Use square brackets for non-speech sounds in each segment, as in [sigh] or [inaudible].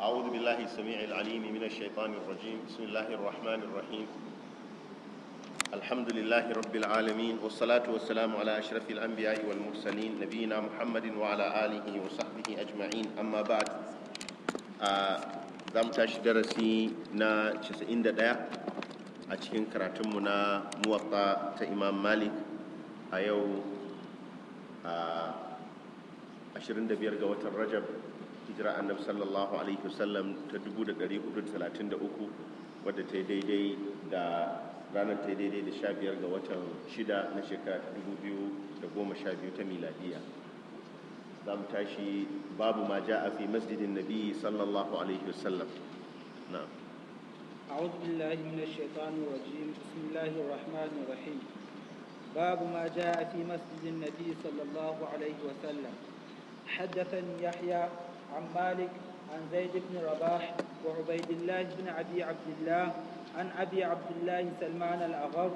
أعوذ بالله السميع العليم من الشيطان الرجيم بسم الله الرحمن الرحيم الحمد لله رب العالمين والصلاة والسلام على أشرف الأنبياء والمرسلين نبينا محمد وعلى آله وصحبه أجمعين أما بعد za mu tashi darasi na 91 a cikin karatunmu na muwatta ta imam malik a yau 25 ga watan rajab hijira annabi sallallahu alaihi wasallam ta 433 wadda ta daidai da ranar ta daidai da 15 ga watan 6 na shekara ta 2012 ta miladiya za mu tashi babu ma a fi masjidin nabi sallallahu alaihi wasallam na أعوذ بالله من الشيطان الرجيم بسم الله الرحمن الرحيم باب ما جاء في مسجد النبي صلى الله عليه وسلم حدثني يحيى عن مالك عن زيد بن رباح وعبيد الله بن أبي عبد الله عن أبي عبد الله سلمان الأغر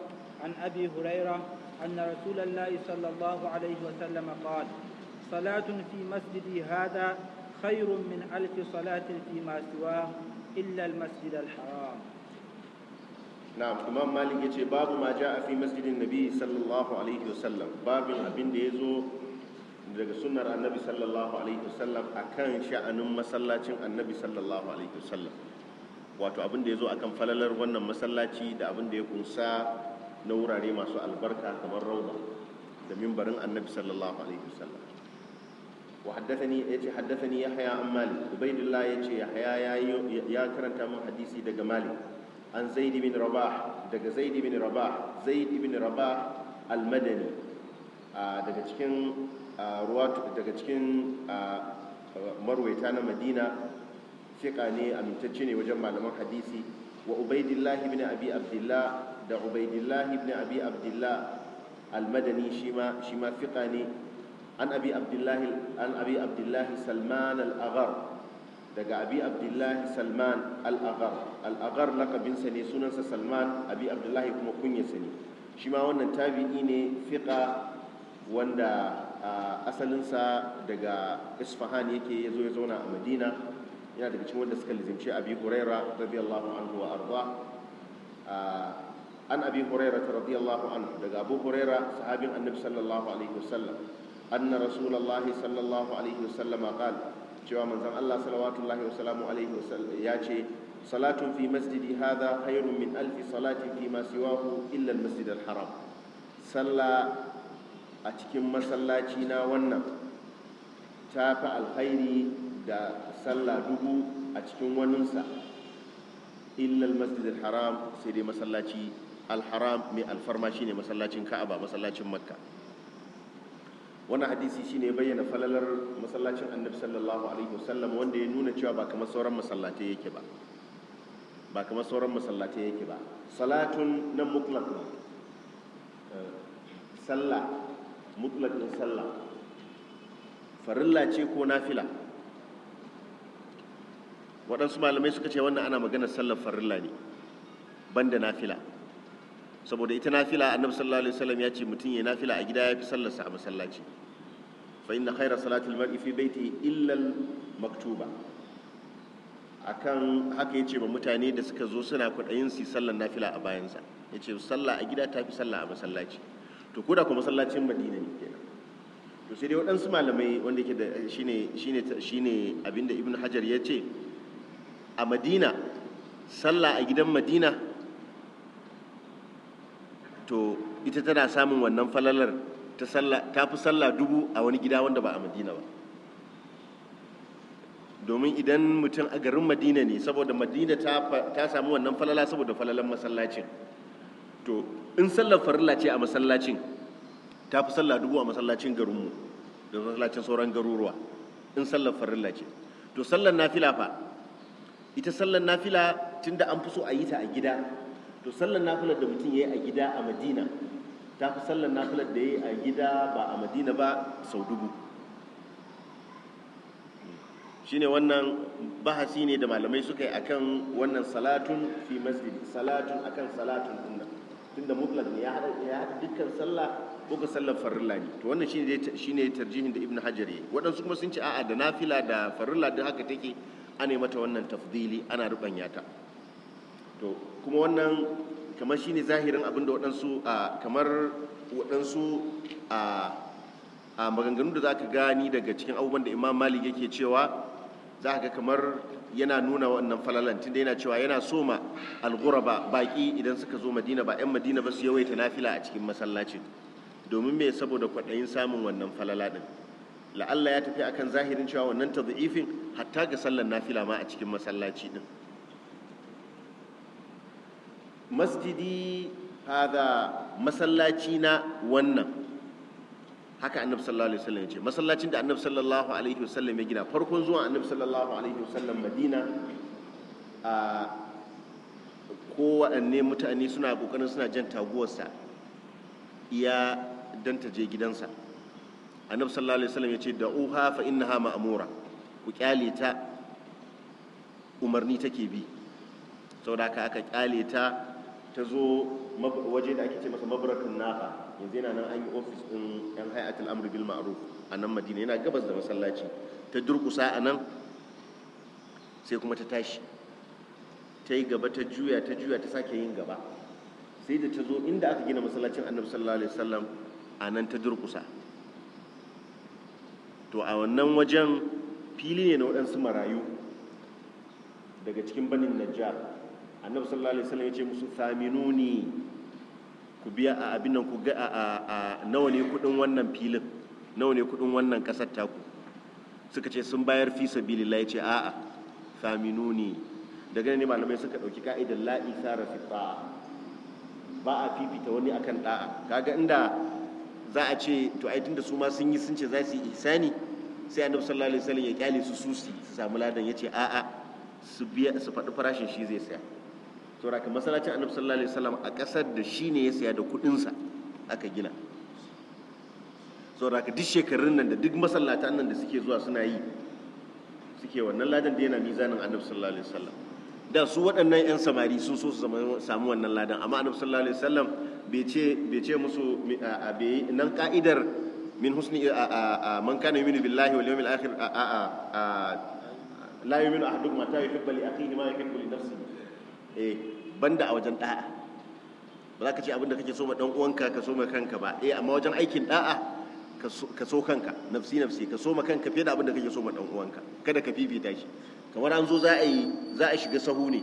عن أبي هريرة أن رسول الله صلى الله عليه وسلم قال صلاة في مسجدي هذا خير من ألف صلاة فيما سواه إلا المسجد الحرام نعم إمام مالك يقول باب ما جاء في مسجد النبي صلى الله عليه وسلم باب أبن ديزو daga sunnar annabi sallallahu alaihi wasallam akan sha'anin masallacin annabi sallallahu alaihi wasallam wato abin da ya zo akan falalar wannan masallaci da abin da ya kunsa na wurare masu albarka kamar rauda da mimbarin annabi sallallahu alaihi wasallam wa haddathani yace haddathani haya an malik ubaidullah ya ce ya karanta min hadisi daga malik an zaid ibn rabah daga zaid ibn rabah zaid ibn rabah al-madani ah, daga cikin ruwa daga cikin marwaita na madina fiƙa ne amintacce ne wajen malaman hadisi wa ubaidillah ibn abi abdullah da ubaidillah ibn abi abdullah almadani shi ma shi fiƙa ne an abi abdullah an abi abdullah salman al-aghar daga abi abdullah salman al-aghar al-aghar laqabinsa ne sunansa salman abi abdullah kuma kunyarsa ne shi ma wannan tabi'i ne fiƙa wanda asalinsa daga isfahan yake ya zo ya zauna a madina yana daga cikin wanda suka lizimci abi huraira radiyallahu anhu wa arda an abi huraira radiyallahu anhu daga abu huraira sahabin annabi sallallahu alaihi wasallam anna rasulullahi sallallahu alaihi wasallam qala cewa manzon Allah salawatullahi wasalamu alaihi wasallam ya ce salatun fi masjidi hadha khairun min alfi salatin fi ma siwahu illa almasjid alharam sallah a cikin masallaci na wannan ta fi alkhairi da sallah dubu a cikin waninsa illal masjidil haram sai dai masallaci alharam mai alfarma shine masallacin ka'aba masallacin makka wannan hadisi shine bayyana falalar masallacin annabi sallallahu alaihi wasallam wanda ya nuna cewa ba kamar sauran masallatai yake ba ba kamar sauran masallatai yake ba salatun nan mutlaq eh, sallah mutlakin sallah farilla ce ko nafila waɗansu malamai suka ce wannan ana maganar sallar farilla ne banda nafila saboda ita nafila annabi sallallahu alaihi wasallam ya ce mutum ya nafila a gida ya fi sallarsa a masallaci fa inna khayra salati al-mar'i fi baiti illa maktuba akan haka yace ba mutane da suka zo suna kudayin su sallar nafila a bayansa yace sallah a gida ta fi sallah a masallaci to ko da kuma masallacin madina ne kenan to sai dai waɗansu malamai wanda yake da shine shine shine abinda ibnu hajar ya ce a madina sallah a gidan madina to ita tana samun wannan falalar ta sallah ta fi sallah dubu a wani gida wanda ba a madina ba domin idan mutum a garin madina ne saboda madina ta samu wannan falala saboda falalan masallacin to in sallar farilla ce a masallacin ta fi sallah dubu a masallacin garinmu da masallacin sauran garuruwa in sallar farilla ce to sallar nafila fa ita sallar nafila tunda an fi so a yi ta a gida to sallar nafilar da mutum ya yi a gida a madina ta fi sallar nafilar da ya yi a gida ba a madina ba sau dubu shine wannan bahasi ne da malamai suka yi akan wannan salatun fi masjid salatun akan salatun dinnan tunda mutlaka ne ya haɗa dukkan sallah ko ka sallar farilla ne to wannan shine shine tarjihin da ibnu hajar yi waɗansu kuma sun ce a'a da nafila da farilla ladi haka take ana mata wannan tafdili ana rubanya ta to kuma wannan kamar shine zahirin abinda waɗansu kamar waɗansu a maganganu da zaka gani daga cikin abubuwan da imam malik yake cewa za ga kamar yana nuna wannan falalan tunda yana cewa yana so soma al'guraba baki idan suka zo madina ba 'yan madina ba su yawaita nafila a cikin masallacin domin me saboda kwaɗayin samun wannan falala din la'alla ya tafi akan zahirin cewa wannan tadhifin hatta ga sallar nafila ma a cikin masallaci din masjidi hada masallaci na wannan haka annabi sallallahu alaihi wasallam ya ce masallacin da annabi sallallahu alaihi wasallam ya gina farkon zuwa annabi sallallahu alaihi wasallam madina a kowaɗanne mutane suna ƙoƙarin suna jan taguwarsa iya don ta je gidansa annabi sallallahu alaihi wasallam ya ce da uha fa innaha ma'mura ku kyale ta umarni take bi saboda haka aka kyale ta ta zo waje da ake ce masa mabrakin nafa yanzu yana nan an yi ofis ɗin yan hayatul amri bil ma'ruf a nan madina yana gabas da masallaci ta durkusa a nan sai kuma ta tashi ta yi gaba ta juya ta juya ta sake yin gaba sai da ta zo inda aka gina masallacin annabi sallallahu alaihi wasallam a nan ta durkusa to a wannan wajen fili ne na waɗansu marayu daga cikin banin najjar annabi sallallahu alaihi wasallam ya ce musu ne. ku biya a abin nan ku ga a nawa ne kudin wannan filin nawa ne kudin wannan kasar taku suka ce sun bayar fi sabilillah ya ce a'a ne. daga ne malamai suka dauki ka'idar la isara fi ba a fifita wani akan da'a kaga inda za a ce to ai tunda su ma sun yi sun ce za su yi ihsani sai annabi sallallahu alaihi wasallam ya kyale su susi su samu ladan ya ce a'a su su faɗi farashin shi zai saya Saura ka masallacin annabi sallallahu alaihi wasallam a kasar da shi ne ya saya da kudinsa aka gina saura ka duk shekarun nan da duk masallata nan da suke zuwa suna yi suke wannan ladan da yana mizanin annabi sallallahu alaihi wasallam da su waɗannan 'yan samari sun so su samu wannan ladan amma annabi sallallahu alaihi wasallam bai ce musu nan ka'idar min husni man kana yuminu billahi wal yawmil akhir la yuminu ahadukum ta yuhibba li akhihi ma yuhibbu li nafsihi eh banda a wajen da'a ba za ka ce abin da kake so ma dan uwanka ka so ma kanka ba eh amma wajen aikin da'a ka so kanka nafsi nafsi ka so ma kanka fiye da abin da kake so ma dan uwanka kada ka fifita shi kamar an zo za a yi za a shiga sahu ne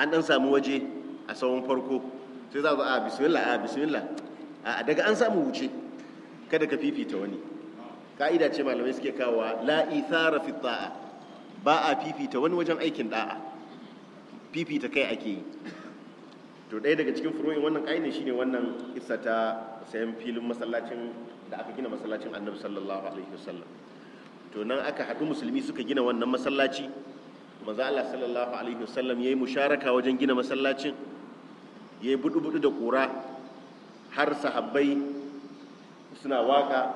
an dan samu waje a sahun farko sai za a zo a ah, bismillah a ah, bismillah a ah, daga an samu wuce kada ka fifita wani ka'ida ce malamai suke kawo la ithara fi ta'a ba a fifita wani wajen aikin da'a ta kai ake yi to ɗaya daga cikin furoyin wannan shi shine wannan isa ta sayan filin masallacin da aka gina masallacin annabi sallallahu alaihi wasallam to nan aka haɗu musulmi suka gina wannan masallaci manzo Allah sallallahu alaihi wasallam yayi musharaka wajen gina masallacin yayi budu-budu da kura har sahabbai suna waka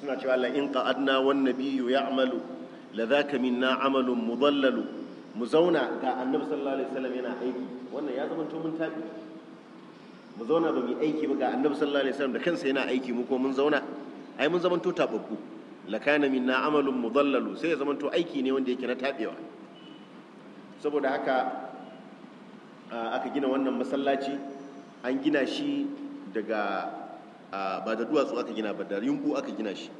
suna cewa la in qa'adna wan nabiyyu ya'malu la dhaka minna 'amalun mudallalu mu zauna ga annabi sallallahu alaihi wasallam yana aiki wannan ya zama to mun tafi mu zauna ba mu aiki ba ga annabi sallallahu alaihi wasallam da kansa yana aiki mu ko mun zauna ai mun zama to tababbu lakana minna amalun mudallalu sai ya zama to aiki ne wanda yake na tabewa saboda haka aka gina wannan masallaci an gina shi daga ba da duwatsu aka gina ba da yunku aka gina shi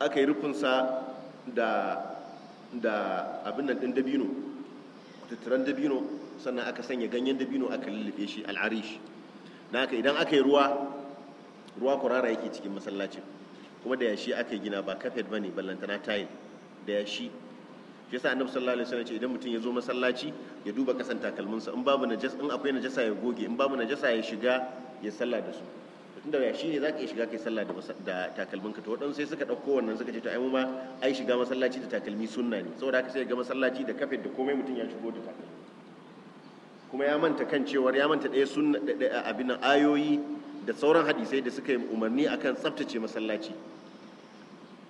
aka yi rufinsa da da abin nan ɗin dabino tattaran dabino sannan aka sanya ganyen dabino aka lullube shi al'arish na aka idan aka yi ruwa ruwa kurara yake cikin masallacin kuma da yashi aka yi gina ba kafet ba ne ballantana tayin da yashi shi yasa annabi sallallahu alaihi wasallam ce idan mutum ya zo masallaci ya duba kasan takalminsa in babu najasa in akwai najasa ya goge in babu najasa ya shiga ya sallah da su tunda ya shine zaka iya shiga kai sallah da takalmin ka to wadansu sai suka dauko wannan suka ce to ai mu ma ai shiga masallaci da takalmi sunna ne saboda haka sai ga masallaci da kafet da komai mutum ya shigo da takalmi kuma ya manta kan cewar ya manta ɗaya sunna abin ayoyi da sauran hadisai da suka yi umarni akan tsaftace masallaci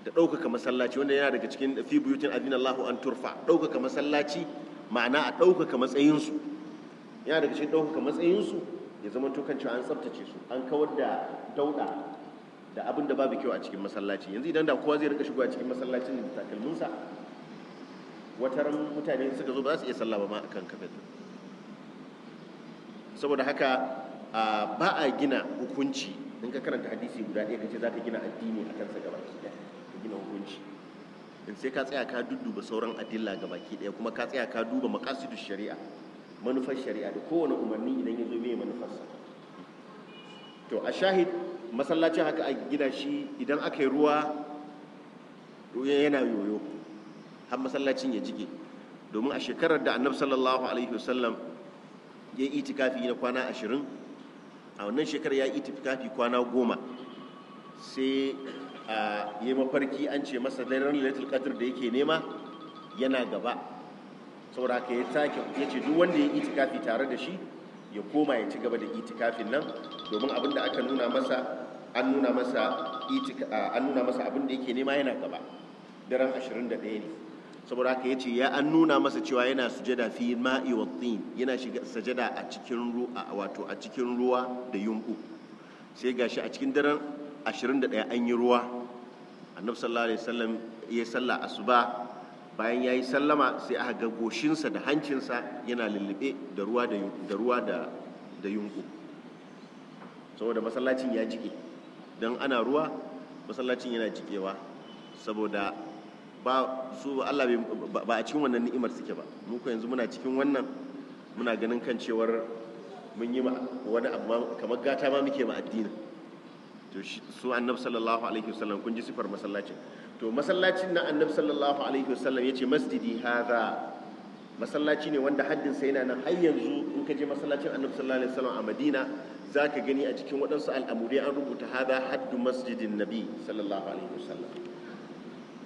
da ɗaukaka masallaci wanda yana daga cikin fi buyutin Allahu an turfa ɗaukaka masallaci ma'ana a ɗaukaka matsayinsu yana daga cikin ɗaukaka matsayinsu ya zama tukan cewa an tsabtace su an kawar da dauda da abin da babu kyau a cikin masallaci yanzu idan da kowa zai rika shigo a cikin masallacin da takalminsa wataran mutane suka zo ba za su iya sallah ba ma akan kafin. saboda haka ba a gina hukunci in ka karanta hadisi guda ɗaya kace za ka gina addini a kansa gaba ki ɗaya ka gina hukunci in sai ka tsaya ka dudduba sauran adilla gaba ki ɗaya kuma ka tsaya ka duba maƙasidu shari'a manufar shari'a da kowane umarni idan ya zo mai sa to a shahid masallacin haka a gida shi idan aka yi ruwa yana yoyo har masallacin ya jige domin a shekarar da annab sallallahu alaihi wasallam ya yi itikafi na kwana ashirin a wannan shekarar ya yi itikafi kwana goma sai a yi mafarki an ce masa daren lalatul qadr da yake nema yana gaba saboda haka ya sake ya ce duk wanda ya itikafi tare da shi ya koma ya ci gaba da itikafin nan domin abin da aka nuna masa an nuna masa an nuna masa abin da yake nema yana gaba daren 21 ne saboda haka ya ce ya an nuna masa cewa yana sujada fi ma'i wa tin yana shiga sujada a cikin ruwa wato a cikin ruwa da yunku sai gashi a cikin daren 21 an yi ruwa annabi sallallahu alaihi wasallam ya salla asuba bayan ya yi sallama sai aka ga goshinsa da hancinsa yana lullube da ruwa da ruwa da yunku saboda masallacin ya jike don ana ruwa masallacin yana jikewa saboda ba su Allah ba a cikin wannan ni'imar suke ba mu ko yanzu muna cikin wannan muna ganin kan cewar mun yi wani abu kamar gata ma muke ma addinin to su annabi sallallahu alaihi wasallam kun ji sifar masallacin to masallacin na annabi sallallahu alaihi wasallam yace masjidi hadha masallaci ne wanda haddin sa yana nan har yanzu in ka je masallacin annabi sallallahu alaihi wasallam a Madina zaka gani a cikin waɗansu al'amuri an rubuta hadha haddu masjidin nabi sallallahu alaihi wasallam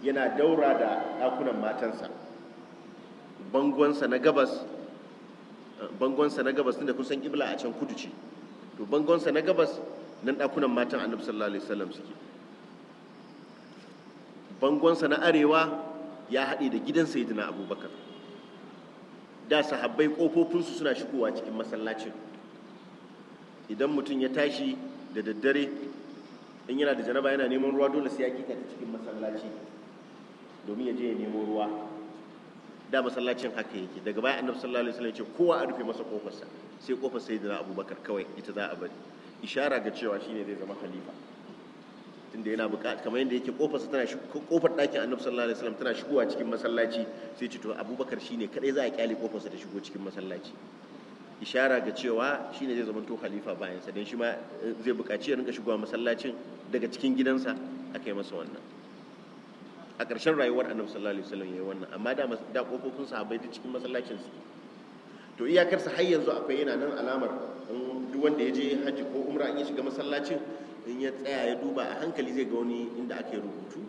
yana daura da ɗakunan matansa bangonsa na gabas bangonsa na gabas tunda kusan kibla a can kudu ce to bangonsa na gabas nan ɗakunan matan annabi sallallahu alaihi wasallam suke bangonsa na arewa ya haɗe da gidan sayyidina abubakar da sahabbai ƙofofinsu suna shigowa cikin masallacin idan mutum ya tashi da daddare in yana da janaba yana neman ruwa dole sai ya kika ta cikin masallaci domin ya je ya nemo ruwa da masallacin haka yake daga baya annabi sallallahu alaihi wasallam ya ce kowa a rufe masa kofarsa sai kofar sayyidina abubakar kawai ita za a bari ishara ga cewa shine zai zama khalifa tunda yana bukata kamar yadda yake kofar tana kofar ɗakin annabi sallallahu alaihi wasallam tana shigowa cikin masallaci sai ce to abubakar shine kadai za a kyale sa ta shigo cikin masallaci ishara ga cewa shine zai to khalifa bayansa don shi ma eh, zai buƙaci ya rinka shigowa masallacin daga cikin gidansa aka yi masa wannan a ƙarshen rayuwar annabi sallallahu alaihi wasallam yayi wannan amma da da kofofin sahabbai duk cikin masallacin su to iyakarsa har yanzu akwai yana nan alamar duk wanda ya je haji ko umra an ya shiga masallacin in ya tsaya ya duba a hankali zai ga wani inda ake rubutu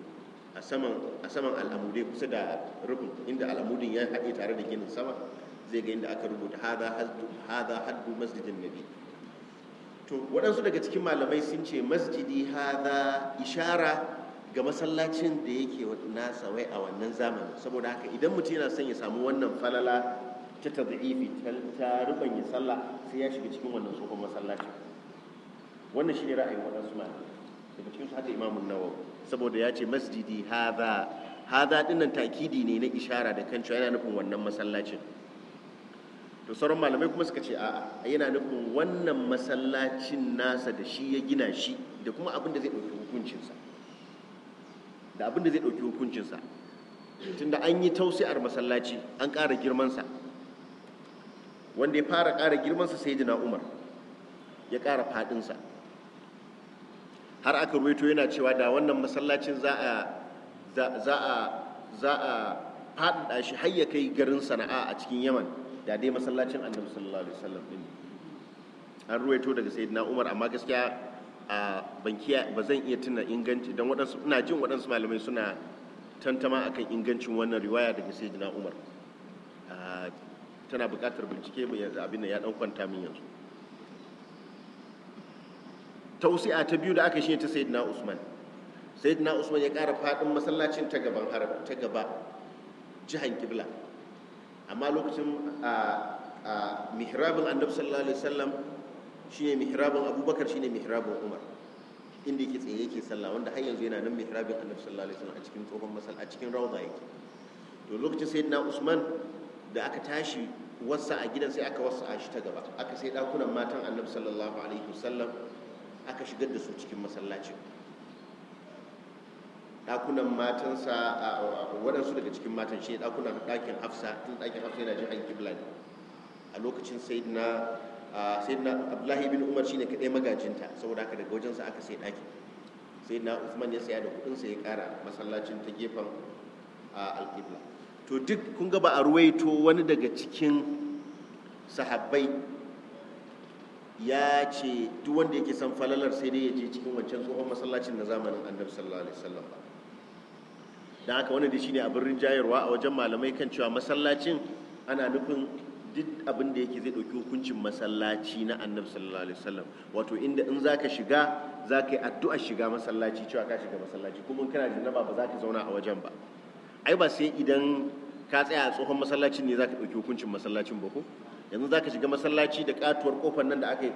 a saman al'amudai kusa da rubin inda al'amudin ya haɗe tare da ginin sama zai ga inda aka rubuta haza haddu masjidin nabi to waɗansu daga cikin malamai sun ce masjidi haza ishara ga masallacin da yake nasa wai a wannan zamani saboda haka idan mutum yana son ya samu wannan falala ta tabi'ifi ta rubanya sallah sai ya shiga cikin wannan tsohon masallacin wannan shine ra'ayin waɗansu ne. daga cikin su haka imamun nawa saboda ya ce masjidi haza. haza dinnan takidi ne na ishara da kan cewa yana nufin wannan masallacin to sauran malamai kuma suka ce a'a yana nufin wannan masallacin nasa da shi ya gina shi da kuma abin da zai ɗauki hukuncinsa da abin da zai ɗauki hukuncinsa tunda an yi tausi'ar masallaci an ƙara girmansa wanda ya fara ƙara girmansa sai jina umar ya ƙara faɗinsa har aka ruwaito yana cewa da wannan masallacin za a faɗaɗa shi har ya kai garin sana'a a cikin yaman da dai masallacin annabi sallallahu alaihi wasallam din an ruwaito daga sayyidina umar amma gaskiya a bankiya ba zan iya tuna inganci don waɗansu ina jin waɗansu malamai suna tantama akan ingancin wannan riwaya daga sayyidina umar tana buƙatar bincike mai yanzu abin da ya ɗan kwanta min yanzu tausi'a ta biyu da aka shi ta sayyidina usman sayyidina usman ya ƙara faɗin masallacin ta gaban harab ta gaba jihan kibla amma lokacin a mihrabin annabi sallallahu alaihi wasallam shine mihrabin abubakar shine mihrabin umar inda yake tsaye yake sallah wanda har yanzu yana nan mihrabin annabi sallallahu alaihi wasallam a cikin tsohon masal a cikin rawda yake to lokacin sayyidina usman da aka tashi wasa a gidan sai aka wasa shi ta gaba aka sai dakunan matan annabi sallallahu alaihi wasallam aka shigar da su cikin masallacin ɗakunan matansa a waɗansu daga cikin matan shi ɗakunan ɗakin hafsa tun ɗakin hafsa yana jin an kibla ne a lokacin sayidina sayidina abdullahi bin umar shine kaɗai magajinta saboda haka daga wajensa aka sai ɗakin sayidina usman ya saya da kuɗinsa ya ƙara masallacin ta gefen alƙibla to duk kun ga ba a ruwaito wani daga cikin sahabbai ya ce duk wanda yake san falalar sai dai ya je cikin wancan tsohon masallacin na zamanin annabi sallallahu alaihi wasallam ba dan haka wannan shine abin rinjayarwa a wajen malamai kan cewa masallacin ana nufin duk abin da yake zai dauki hukuncin masallaci na annabi sallallahu alaihi wasallam wato inda in zaka shiga zaka yi addu'a shiga masallaci cewa ka shiga masallaci kuma kana jinnaba ba za ka zauna a wajen ba ai ba sai idan ka tsaya a tsohon masallacin ne zaka ɗauki hukuncin masallacin ba ko yanzu za ka shiga masallaci da katuwar kofar nan da aka yi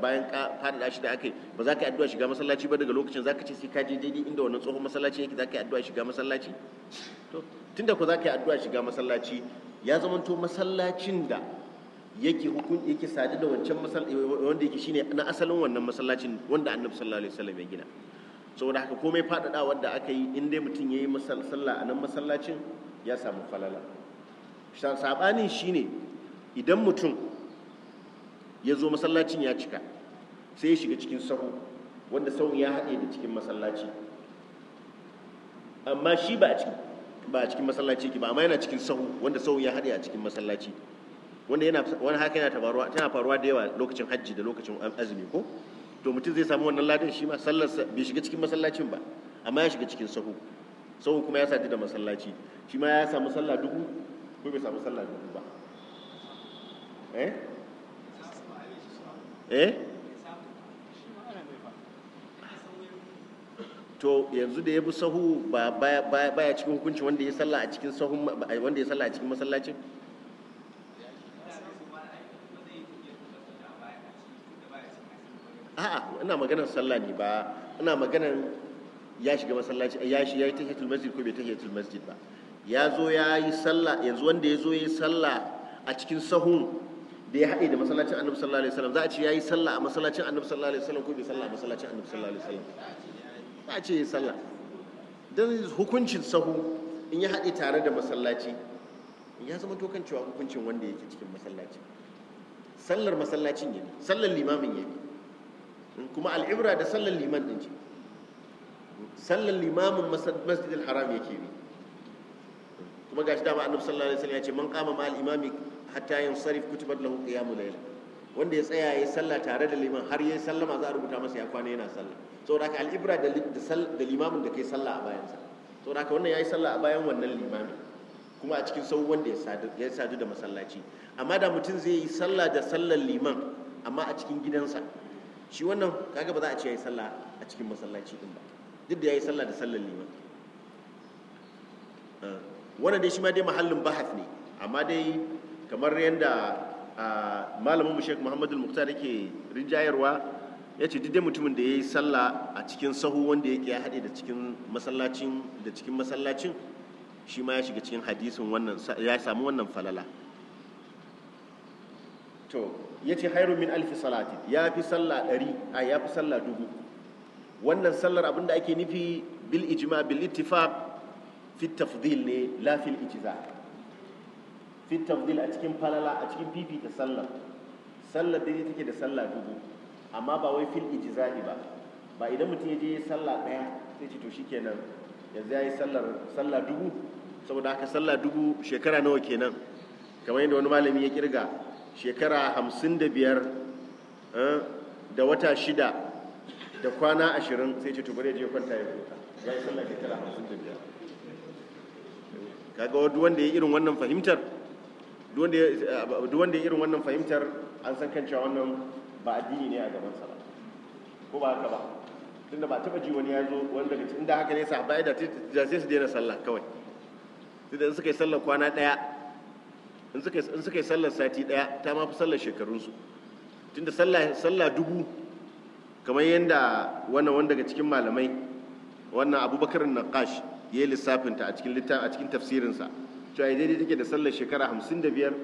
bayan faɗaɗa shi da aka yi ba za ka yi addu'a shiga masallaci ba daga lokacin za ka ce sai ka je daidai inda wannan tsohon masallaci yake za ka yi addu'a shiga masallaci to tunda ko za ka yi addu'a shiga masallaci ya zamanto masallacin da yake hukun yake sadu da wancan masallaci wanda yake shine na asalin wannan masallacin wanda annabi sallallahu alaihi wasallam ya gina saboda haka komai faɗaɗa wanda aka yi in dai mutum ya yi sallah a nan masallacin ya samu falala saɓanin shine idan mutum ya zo masallacin ya cika sai ya shiga cikin sahu wanda sahun ya haɗe da cikin masallaci amma shi ba a cikin masallaci yake ba amma yana cikin sahu wanda sahun ya haɗe a cikin masallaci wanda yana wani haka yana tabaruwa tana faruwa da yawa lokacin hajji da lokacin azumi ko to mutum zai samu wannan ladin shi ma bai shiga cikin masallacin ba amma ya shiga cikin sahu sahu kuma ya sati da masallaci shi ma ya samu sallah dubu ko bai samu sallah dubu ba eh eh to yanzu da ya bi sahu ba baya cikin hukunci wanda ya sallah a cikin sahu wanda ya sallah a cikin masallacin a'a ina maganar sallah ne ba ina maganar ya shiga masallaci ya shi yayi tahiyatul masjid ko bai tahiyatul masjid ba ya zo ya yi sallah yanzu wanda ya zo ya yi sallah a cikin sahun da ya haɗe da masallacin annabi sallallahu alaihi wasallam za a ce yayi sallah a masallacin annabi sallallahu alaihi wasallam ko bai sallah a masallacin annabi sallallahu alaihi wasallam za a ce yayi sallah dan hukuncin sahu in ya haɗe tare da masallaci ya zama tokan cewa hukuncin wanda yake cikin masallaci sallar masallacin yabi sallar limamin yabi kuma al'ibra da sallar liman din ce sallar limamin masjidil haram yake bi kuma gashi dama annabi sallallahu alaihi wasallam ya ce man qama ma al imami hatta yin sarif kutubar lahu mu layl wanda ya tsaya ya sallah tare da liman har ya sallama za a rubuta masa ya kwana yana sallah saboda haka al'ibra da limamin da kai sallah a bayansa saboda haka wannan ya yi sallah a bayan wannan limamin kuma a cikin sau wanda ya sadu da masallaci amma da mutum zai yi sallah da sallar liman amma a cikin gidansa shi wannan kaga ba za a ce ya yi sallah a cikin masallaci din ba duk da ya yi sallah da sallar liman ah. wannan dai shi ma dai mahallin bahaf ne amma dai kamar yadda malamin mu Sheikh Muhammad al yake rinjayarwa yace duk mutumin da yi sallah a cikin sahu wanda yake ya hade da cikin masallacin da cikin masallacin shi ma ya shiga cikin hadisin wannan ya samu wannan falala to yace hairu min alfi salati ya fi sallah ɗari a ya fi sallah dubu wannan sallar abin da ake nufi bil ijma bil ittifaq fi tafdil ne la fil ijza' fit a cikin falala a cikin ta sallar sallar da take da sallah dubu amma ba wai fil ijza'i ba ba idan mutum ya je ya sallah daya sai ce to shikenan yanzu ya yi sallar sallah dubu saboda haka sallah dubu shekara nawa kenan kamar yadda wani malami ya kirga shekara hamsin da biyar eh, da wata shida da kwana ashirin sai ce to bari ya je kwanta ya huta ya yi sallah shekara hamsin da biyar kaga wanda ya irin wannan fahimtar Eh, duk wanda ya irin wannan fahimtar an san kan cewa wannan ba addini ne a gabansa ba ko ba haka ba tunda ba taba ji wani ya zo wani daga cikin da haka ne sahabbai da da sai su daina sallah kawai tunda in suka yi sallar kwana daya in suka in suka yi sallar sati daya ta ma fi sallar shekarun su tunda sallah sallah dubu kamar yanda wannan wanda daga cikin malamai wannan Abubakar Naqash yayi lissafin ta a cikin littafin a cikin tafsirin sa cewa daidai take da sallar shekara hamsin da biyar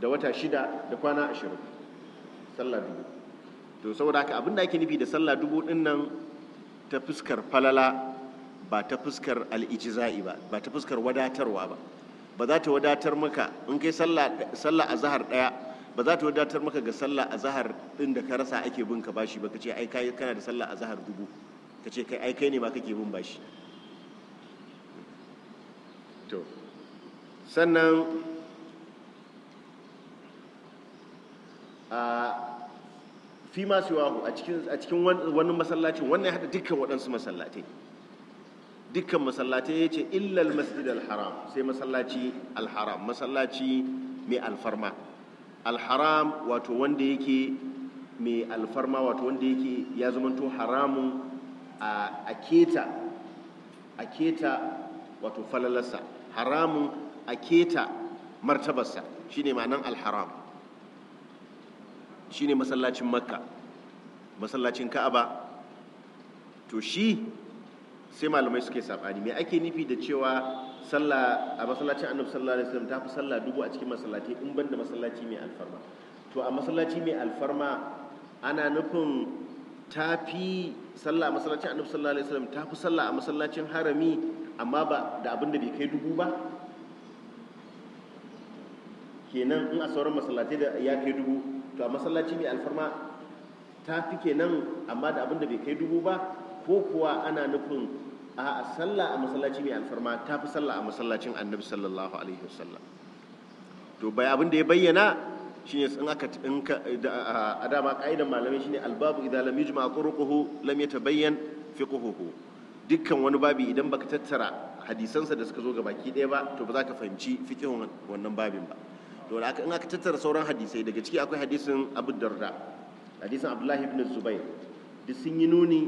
da wata shida da kwana ashirin sallah dubu to saboda haka abinda ake nufi da sallah dubu din nan ta fuskar falala ba ta fuskar al'ijiza'i ba ba ta fuskar wadatarwa ba ba za ta wadatar maka in kai sallah a zahar ɗaya ba za ta wadatar maka ga sallah a zahar ɗin da ka rasa ake bin ka bashi ba ka ce ai kai kana da sallah a zahar dubu ka ce kai ai kai ne ma kake bin bashi to sannan a fi masu yawahu a cikin wani masallacin wannan ya hada dukkan waɗansu masallatai dukkan masallatai ya ce illal masjid al-haram sai masallaci al-haram masallaci mai alfarma al-haram wato wanda yake mai alfarma wato wanda yake ya zamanto haramun a keta a keta wato falalarsa haramun a keta martabarsa shine ma'anan alharam shine masallacin makka masallacin ka'aba to shi sai malamai suke saɓani me ake nufi da cewa sallah a masallacin annabi sallallahu alaihi wasallam ta fi sallah dubu a cikin masallaci in banda masallaci mai alfarma to a masallaci mai alfarma ana nufin ta fi sallah a masallacin annabi sallallahu alaihi wasallam ta fi sallah a masallacin harami amma ba da abin da bai kai dubu ba kenan in a sauran masallatai da ya kai dubu to a masallaci mai alfarma ta fi kenan amma da abin da bai kai dubu ba ko kuwa ana nufin a sallah a masallaci mai alfarma ta fi sallah a masallacin annabi sallallahu alaihi wasallam to bai abin ya bayyana shine in aka in a dama ka'idan malamai shine albabu idan lam yujma qurquhu lam yatabayyan fiqhuhu dukkan wani babi idan baka tattara hadisansa da suka zo ga baki ɗaya ba to ba za ka fahimci fiqhun wannan babin ba don aka in aka tattara sauran hadisai daga ciki akwai hadisin abu darda hadisin abdullahi ibn zubair duk sun yi nuni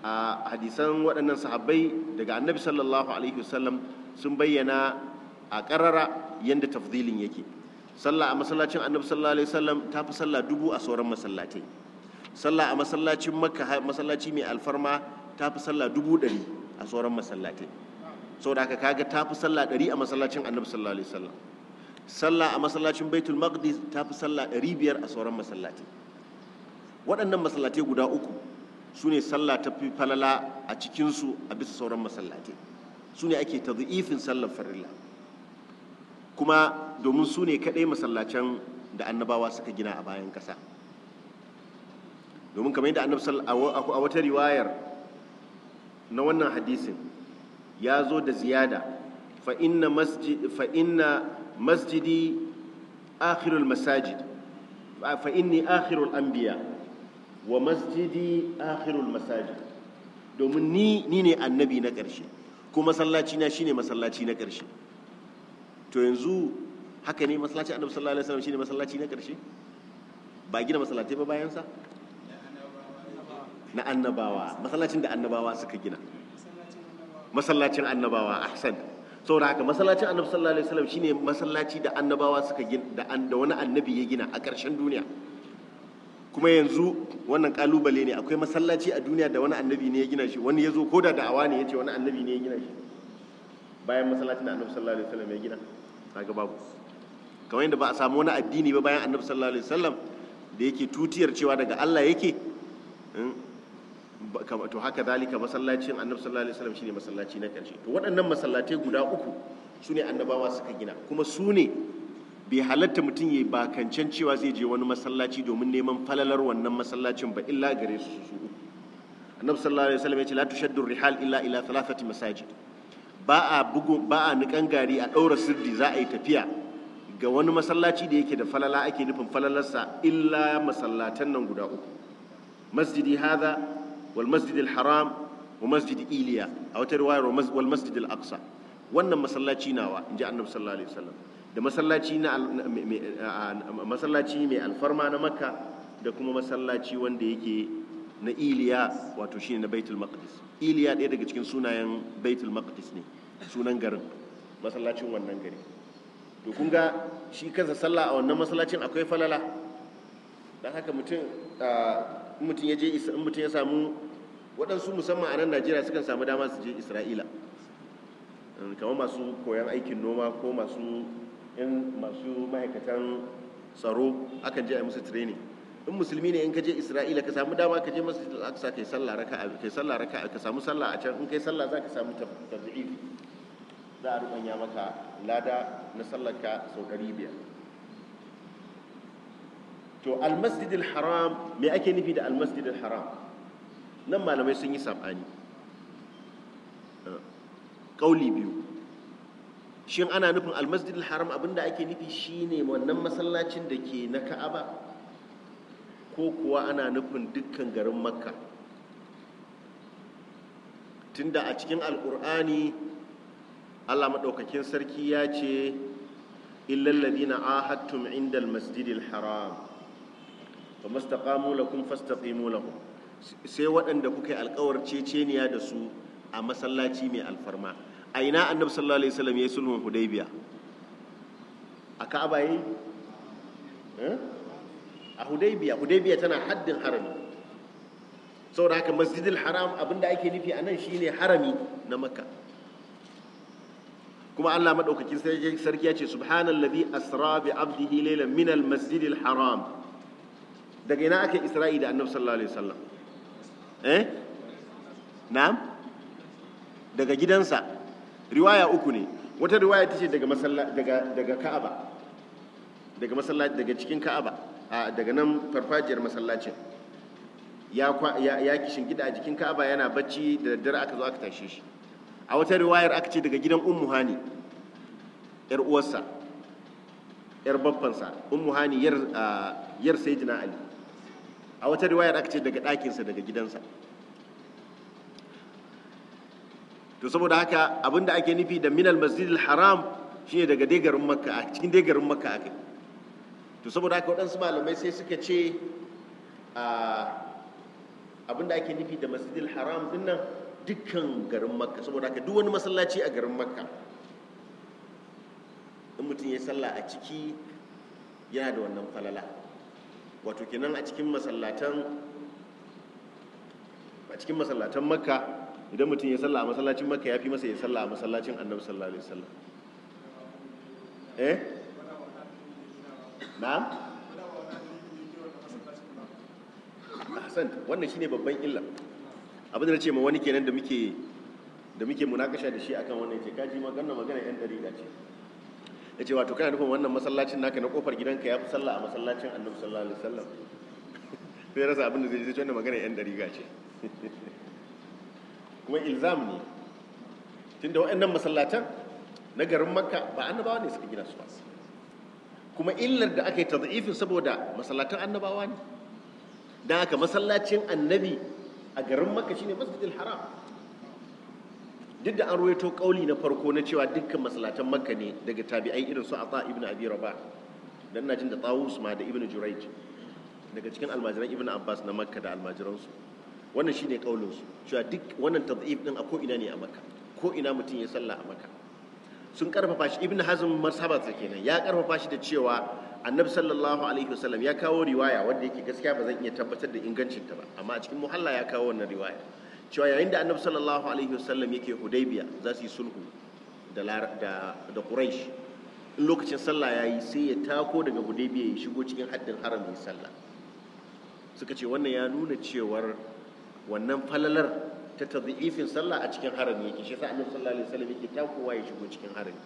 a hadisan waɗannan sahabbai daga annabi sallallahu alaihi wasallam sun bayyana a ƙarara yadda tafdilin yake sallah a masallacin annabi sallallahu alaihi wasallam ta fi sallah dubu a sauran masallatai sallah a masallacin makka masallaci mai alfarma ta fi sallah dubu ɗari a sauran masallatai saboda haka kaga ta fi sallah ɗari a masallacin annabi sallallahu alaihi wasallam sallah a masallacin baitul maqdis ta fi sallah biyar a sauran masallatai waɗannan masallatai guda uku su ne sallah ta fi falala a cikinsu a bisa sauran masallatai su ne ake ta zu'ifin sallar farilla kuma domin su ne kaɗai masallacen da annabawa suka gina a bayan ƙasa domin kamar yadda annabi a wata riwayar na wannan hadisin ya zo da ziyada fa inna masjid fa inna masjidi akhirul masajid fa inni akhirul anbiya wa masjidi akhirul masajid domin ni ni ne annabi na ƙarshe ko masallaci na shine masallaci na ƙarshe to yanzu haka ne masallaci annabi sallallahu alaihi wasallam shine masallaci na ƙarshe ba gina masallatai ba bayan sa na annabawa masallacin da annabawa suka gina masallacin annabawa ahsan saura ga masallacin annabi sallallahu alaihi wasallam shine masallaci da annabawa suka da da wani annabi ya gina a ƙarshen duniya kuma yanzu wannan kalubale ne akwai masallaci a duniya da wani annabi ne ya gina shi wani ya zo ko da da'awa ne ya ce wani annabi ne ya gina shi bayan masallacin da annabi sallallahu alaihi wasallam ya gina kaga babu kamar yadda ba a samu wani addini ba bayan annabi sallallahu alaihi wasallam da yake tutiyar cewa daga Allah yake hmm? to haka zalika masallacin annabi sallallahu alaihi wasallam shine masallaci na karshe to waɗannan masallatai guda uku sune annabawa suka gina kuma su ne bai halatta mutum ya kancan cewa zai je wani masallaci domin neman falalar wannan masallacin ba illa gare su su uku annabi sallallahu alaihi wasallam ya ce la tushaddu rihal illa ila thalathati masajid ba a bugu ba a nikan gari a daura sirdi za a yi tafiya ga wani masallaci da yake da falala ake nufin falalarsa illa masallatan nan guda uku masjidi hadha wal masjid haram wa masjid iliya a wata riwayar wal masjid aqsa wannan masallaci nawa inji annabi sallallahu alaihi da masallaci na masallaci mai alfarma na makka da kuma masallaci wanda yake na iliya wato shine na baitul maqdis iliya ɗaya daga cikin sunayen baitul maqdis ne sunan garin masallacin wannan gari to kun ga shi kansa sallah a wannan masallacin akwai falala don haka mutum mutum ya je in mutum ya samu waɗansu musamman a nan najeriya sukan samu dama su je isra'ila ehm, kamar masu koyan aikin noma ko masu yan masu ma'aikatan tsaro akan je a musu training in musulmi ne in ka je isra'ila ka samu dama ka je masu al'aksa aqsa kai sallah raka kai sallah ka samu sallah a can in kai sallah zaka samu tabi'i za a rubanya maka lada na ka sau biyar. to almasjidil haram me ake nufi da almasjidil haram nan malamai sun yi sab'ani, ah, ƙauli biyu shin ana nufin almasjidil haram abinda ake nufi shine wannan masallacin da ke na ka'aba ko kuwa ana nufin dukkan garin makka tunda a cikin alkur'ani allah maɗaukakin sarki ya ce illal na ahadtum inda masjidil haram fa mastaqamu lakum fastaqimu lahum sai waɗanda kuka yi alƙawar ceceniya da su a masallaci mai alfarma a ina annabi sallallahu alaihi wasallam yayi sulhun hudaybiya a ka'aba yayi a hudaybiya hudaybiya tana haddin harami saboda haka masjidil haram abinda ake nufi a nan shine harami na makka kuma Allah madaukakin sarki ya ce subhanallazi asra bi abdihi laylan minal almasjidil haram daga ina aka isra'i da annabi sallallahu alaihi wasallam eh na'am daga gidansa riwaya uku ne wata riwaya ta ce daga daga ka'aba daga masallaci daga cikin ka'aba A daga nan farfajiyar masallacin ya ya kishin gida a jikin ka'aba yana bacci da daddare aka zo aka tashe shi a wata riwayar aka ce daga gidan ummu hani yar uwarsa yar sa ummu hani yar yar sayyidina ali a wata riwaya aka ce daga ɗakinsa daga gidansa to saboda haka abinda ake nufi da minal masjidil haram shine daga degarin makka a cikin degarin makka aka to saboda haka waɗansu malamai sai suka ce abinda ake nufi da masjidil haram din nan dukkan garin makka saboda haka duk wani masallaci a garin makka in mutum ya sallah a ciki yana da wannan falala wato kenan a cikin masallatan a cikin masallatan makka idan mutum ya salla a masallacin makka ya fi masa ya salla a masallacin annabi sallallahu alaihi wasallam eh na'am ahsan wannan shine babban illa abin da ce ma wani kenan da muke da muke munakasha da shi akan wannan ce kaji magana magana yan dariƙa ce ya ce wato kana nufin wannan masallacin naka na kofar gidanka ya fi sallah a masallacin annabi sallallahu alaihi wasallam [laughs] sai rasa abin da zai ce wannan magana yan dariga ce [laughs] kuma ilzam ne tunda waɗannan masallatan na garin makka ba annabawa ne suka gina su ba kuma illar da aka yi tadhifin saboda masallatan annabawa ne dan haka masallacin annabi a garin makka shine masjidil haram duk da an ruwaito kauli na farko na cewa dukkan masalatan makka ne daga tabi'ai irin su ata ibn abi rabah dan na jin da tawus ma da ibn jurayj daga cikin almajiran ibn abbas na makka da almajiransu wannan shine kaulin su cewa duk wannan tadhif din a ko ina ne a makka ko ina mutum ya salla a makka sun karfafa shi ibn hazm marsabar sa kenan ya karfafa shi da cewa annabi sallallahu alaihi wasallam ya kawo riwaya wanda yake gaskiya ba zan iya tabbatar da ingancinta ba amma a cikin muhalla ya kawo wannan riwaya cewa yayin da annabi sallallahu alaihi wasallam yake hudaybiya za su yi sulhu da da quraish in lokacin sallah yayi sai ya tako daga hudaybiya ya shigo cikin haddin haramin sallah suka ce wannan ya nuna cewar wannan falalar ta tadhifin sallah a cikin harami yake shi sa annabi sallallahu alaihi wasallam yake takowa ya shigo cikin harami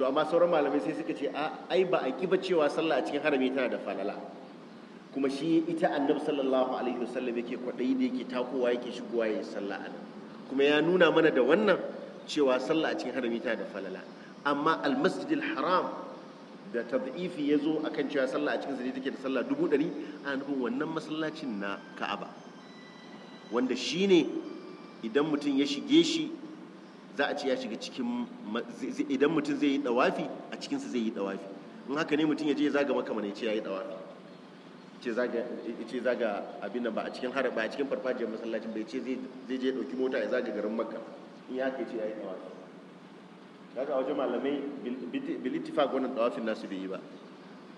to amma sauran malamai sai suka ce a ai ba a kiba cewa sallah a cikin harami tana da falala kuma shi ita annabi sallallahu alaihi wasallam yake kwaɗayi da yake takowa yake shigowa ya yi sallah a kuma ya nuna mana da wannan cewa sallah a cikin harami ta da falala amma almasjidil haram da tad'ifi ya zo akan cewa sallah a cikin sa take da sallah dubu ɗari a nufin wannan masallacin na ka'aba wanda shine idan mutum ya shige shi za a ce ya shiga cikin idan mutum zai yi dawafi a cikinsa zai yi dawafi in haka ne mutum ya je ya zaga maka ya ce ya yi dawafi ce zaga abin nan ba a cikin haraba a cikin farfajiyar masallacin bai ce zai je ɗauki mota ya zaga garin makka in ya haka ce ya yi tawafi kaga wajen malamai bilittifak wannan tawafin nasu bai yi ba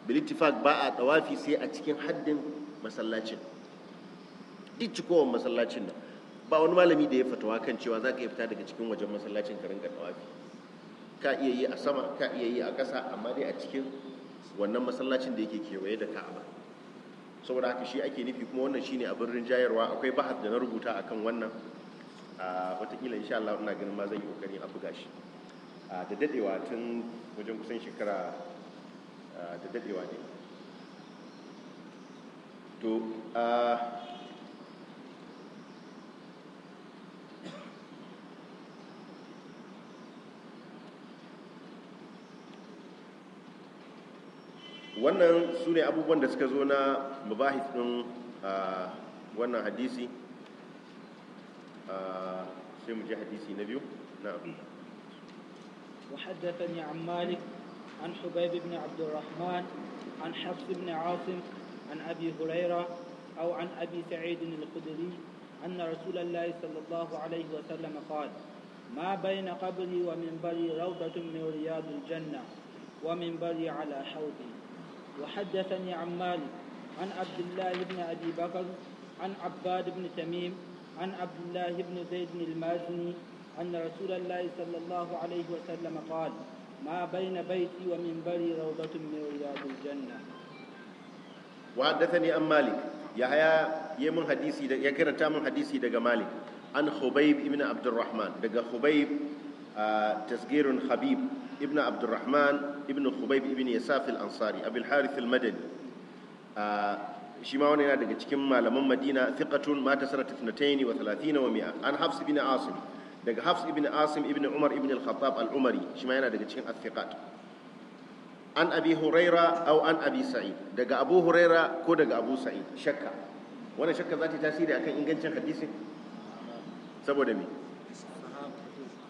bilittifak ba a tawafi sai a cikin haddin masallacin duk cikowar masallacin nan ba wani malami da ya fatawa kan cewa za ka yi fita daga cikin wajen masallacin ka rinka tawafi ka iya yi a sama ka iya yi a ƙasa amma dai a cikin wannan masallacin da yake kewaye da ka'aba saboda haka shi ake nufi kuma wannan shine abin rinjayarwa akwai bahar da na rubuta akan wannan a watakila insha Allah ina ganin ma zan yi kokari a buga shi da dadewa tun wajen kusan shekara da dadewa ne to wannan su ne abubuwan da suka zo na mabahis ɗin wannan hadisi sai mu je hadisi na biyu na abu وحدثني عن مالك عن حبيب بن عبد الرحمن عن حفص بن عاصم عن أبي هريرة أو عن أبي سعيد الخدري أن رسول الله صلى الله عليه وسلم قال ما بين قبري ومنبري روضة من رياض الجنة ومنبري على حوضي وحدثني عن مالك عن عبد الله بن أبي بكر عن عباد بن تميم عن عبد الله بن زيد المازني أن رسول الله صلى الله عليه وسلم قال ما بين بيتي ومنبري روضة من رياض الجنة وحدثني عن مالك يحيى يمن حديثي يا كرنتا من حديثي دغ مالك عن خبيب ابن عبد الرحمن دغ خبيب تسجير خبيب ابن عبد الرحمن ibn khubayb ibn yasaf al-ansari abul harith al-madani ah, shi ma wani yana daga cikin malaman madina thiqatun mata sanata 32 wa 30 wa 100 an hafs ibn asim daga hafs ibn asim ibn umar ibn al-khattab al-umari shi ma yana daga cikin athiqat an abi huraira aw an abi sa'id daga abu huraira ko daga abu sa'id shakka wannan shakka zata tasiri akan ingancin hadisin saboda me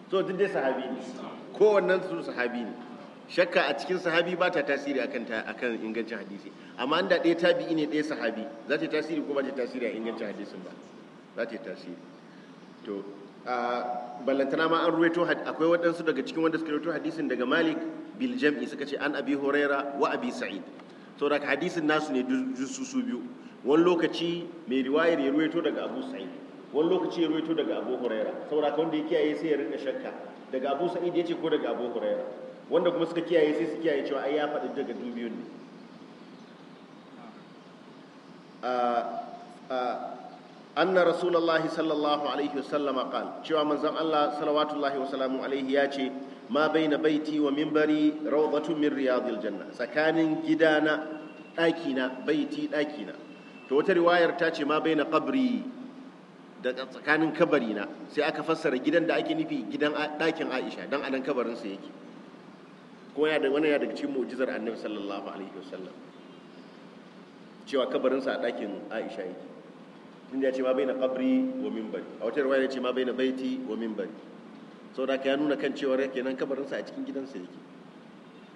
so duk dai sahabi ne kowannen su sahabi ne shakka a cikin sahabi ba ta tasiri akan akan ingancin hadisi amma inda ɗaya tabi'i ne ɗaya sahabi za ta tasiri ko ba ta tasiri a ingancin hadisin ba za ta tasiri to a ballantana ma an ruwaito akwai waɗansu daga cikin wanda suka ruwaito hadisin daga Malik bil jam'i suka ce an Abi Huraira wa Abi Sa'id to daga hadisin nasu ne dusu su biyu wani lokaci mai riwayar ya ruwaito daga Abu Sa'id wani lokaci ya ruwaito daga Abu Huraira saboda wanda ya kiyaye sai ya rinka shakka daga Abu Sa'id yace ko daga Abu Huraira wanda kuma suka kiyaye sai su kiyaye cewa ai ya faɗi daga dubiyun ne anna rasulullahi sallallahu alaihi wasallam qal cewa manzon Allah salawatullahi wa salamu alaihi ya ce ma baina baiti wa minbari rawdatun min riyadil janna tsakanin gidana ɗakina baiti ɗakina to wata riwayar ta ce ma baina qabri da tsakanin kabarina sai aka fassara gidan da ake nufi gidan ɗakin Aisha dan anan kabarin sa yake kuma da wani ya daga cikin mu'jizar annabi sallallahu alaihi wasallam cewa kabarinsa a ɗakin aisha yake inda ya ce ma bai na kabri wa mimbari a wata ruwa ya ce ma bai na baiti wa mimbari sau da ya nuna kan cewar yake nan kabarinsa a cikin gidansa yake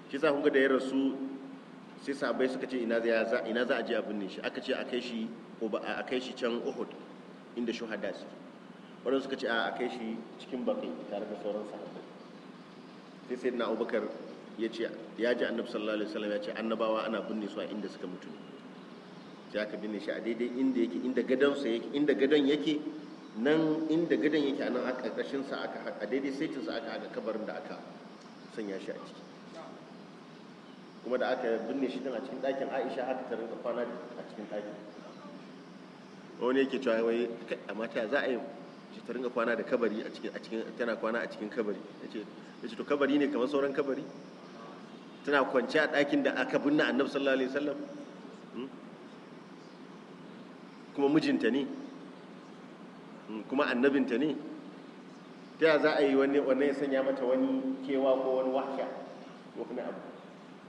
shi sa hunga da ya rasu sai sahabbai suka ce ina za a je abin binne shi aka ce a kai shi a kai shi can uhud inda shuhada su wadanda suka ce a kai shi cikin baƙi tare da sauran sahabbai sai sai na abubakar ya ce ya ji annabi sallallahu alaihi wasallam ya ce annabawa ana binne su a inda suka mutu sai aka binne shi a daidai inda yake inda sa yake inda gadon yake nan inda gadon yake a nan a karkashin sa aka a daidai saitin sa aka haka kabarin da aka sanya shi a ciki kuma da aka binne shi din a cikin ɗakin Aisha haka ta rinka kwana a cikin ɗakin wani yake cewa wai a mata za a yi shi ta rinka kwana da kabari a cikin tana kwana a cikin kabari yace yace to kabari ne kamar sauran kabari tana kwance a ɗakin da aka binne annabi sallallahu alaihi wasallam hmm? kuma mijinta ne hmm, kuma annabinta ne ta za a yi wani wanne ya sanya mata wani kewa ko wani wahya wani abu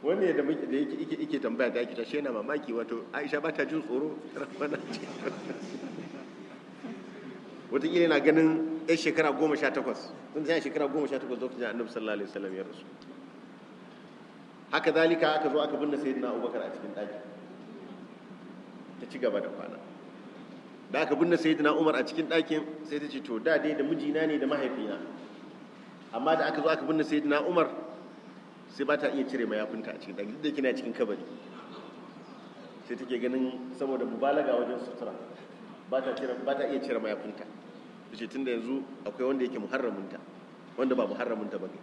wani da muke da yake ike ike tambaya da ake ta shena mamaki wato Aisha ba ta jin tsoro rabbana [laughs] ce ganin 'yan shekara goma sha takwas shekara goma sha takwas annabi sallallahu alaihi wasallam ya rasu haka zalika aka zo aka binne sayyidina abubakar a cikin daki ta ci gaba da kwana da aka binne sayyidina umar a cikin ɗakin sai ta ce to da dai da mijina ne da mahaifina amma da aka zo aka binne sayyidina umar sai ba ta iya cire mayafinta a cikin daki duk da kina cikin kabari sai take ganin saboda mubalaga wajen sutura ba ta iya cire mayafinta yafinta ce tun da yanzu akwai wanda yake muharraminta wanda ba muharraminta ba ne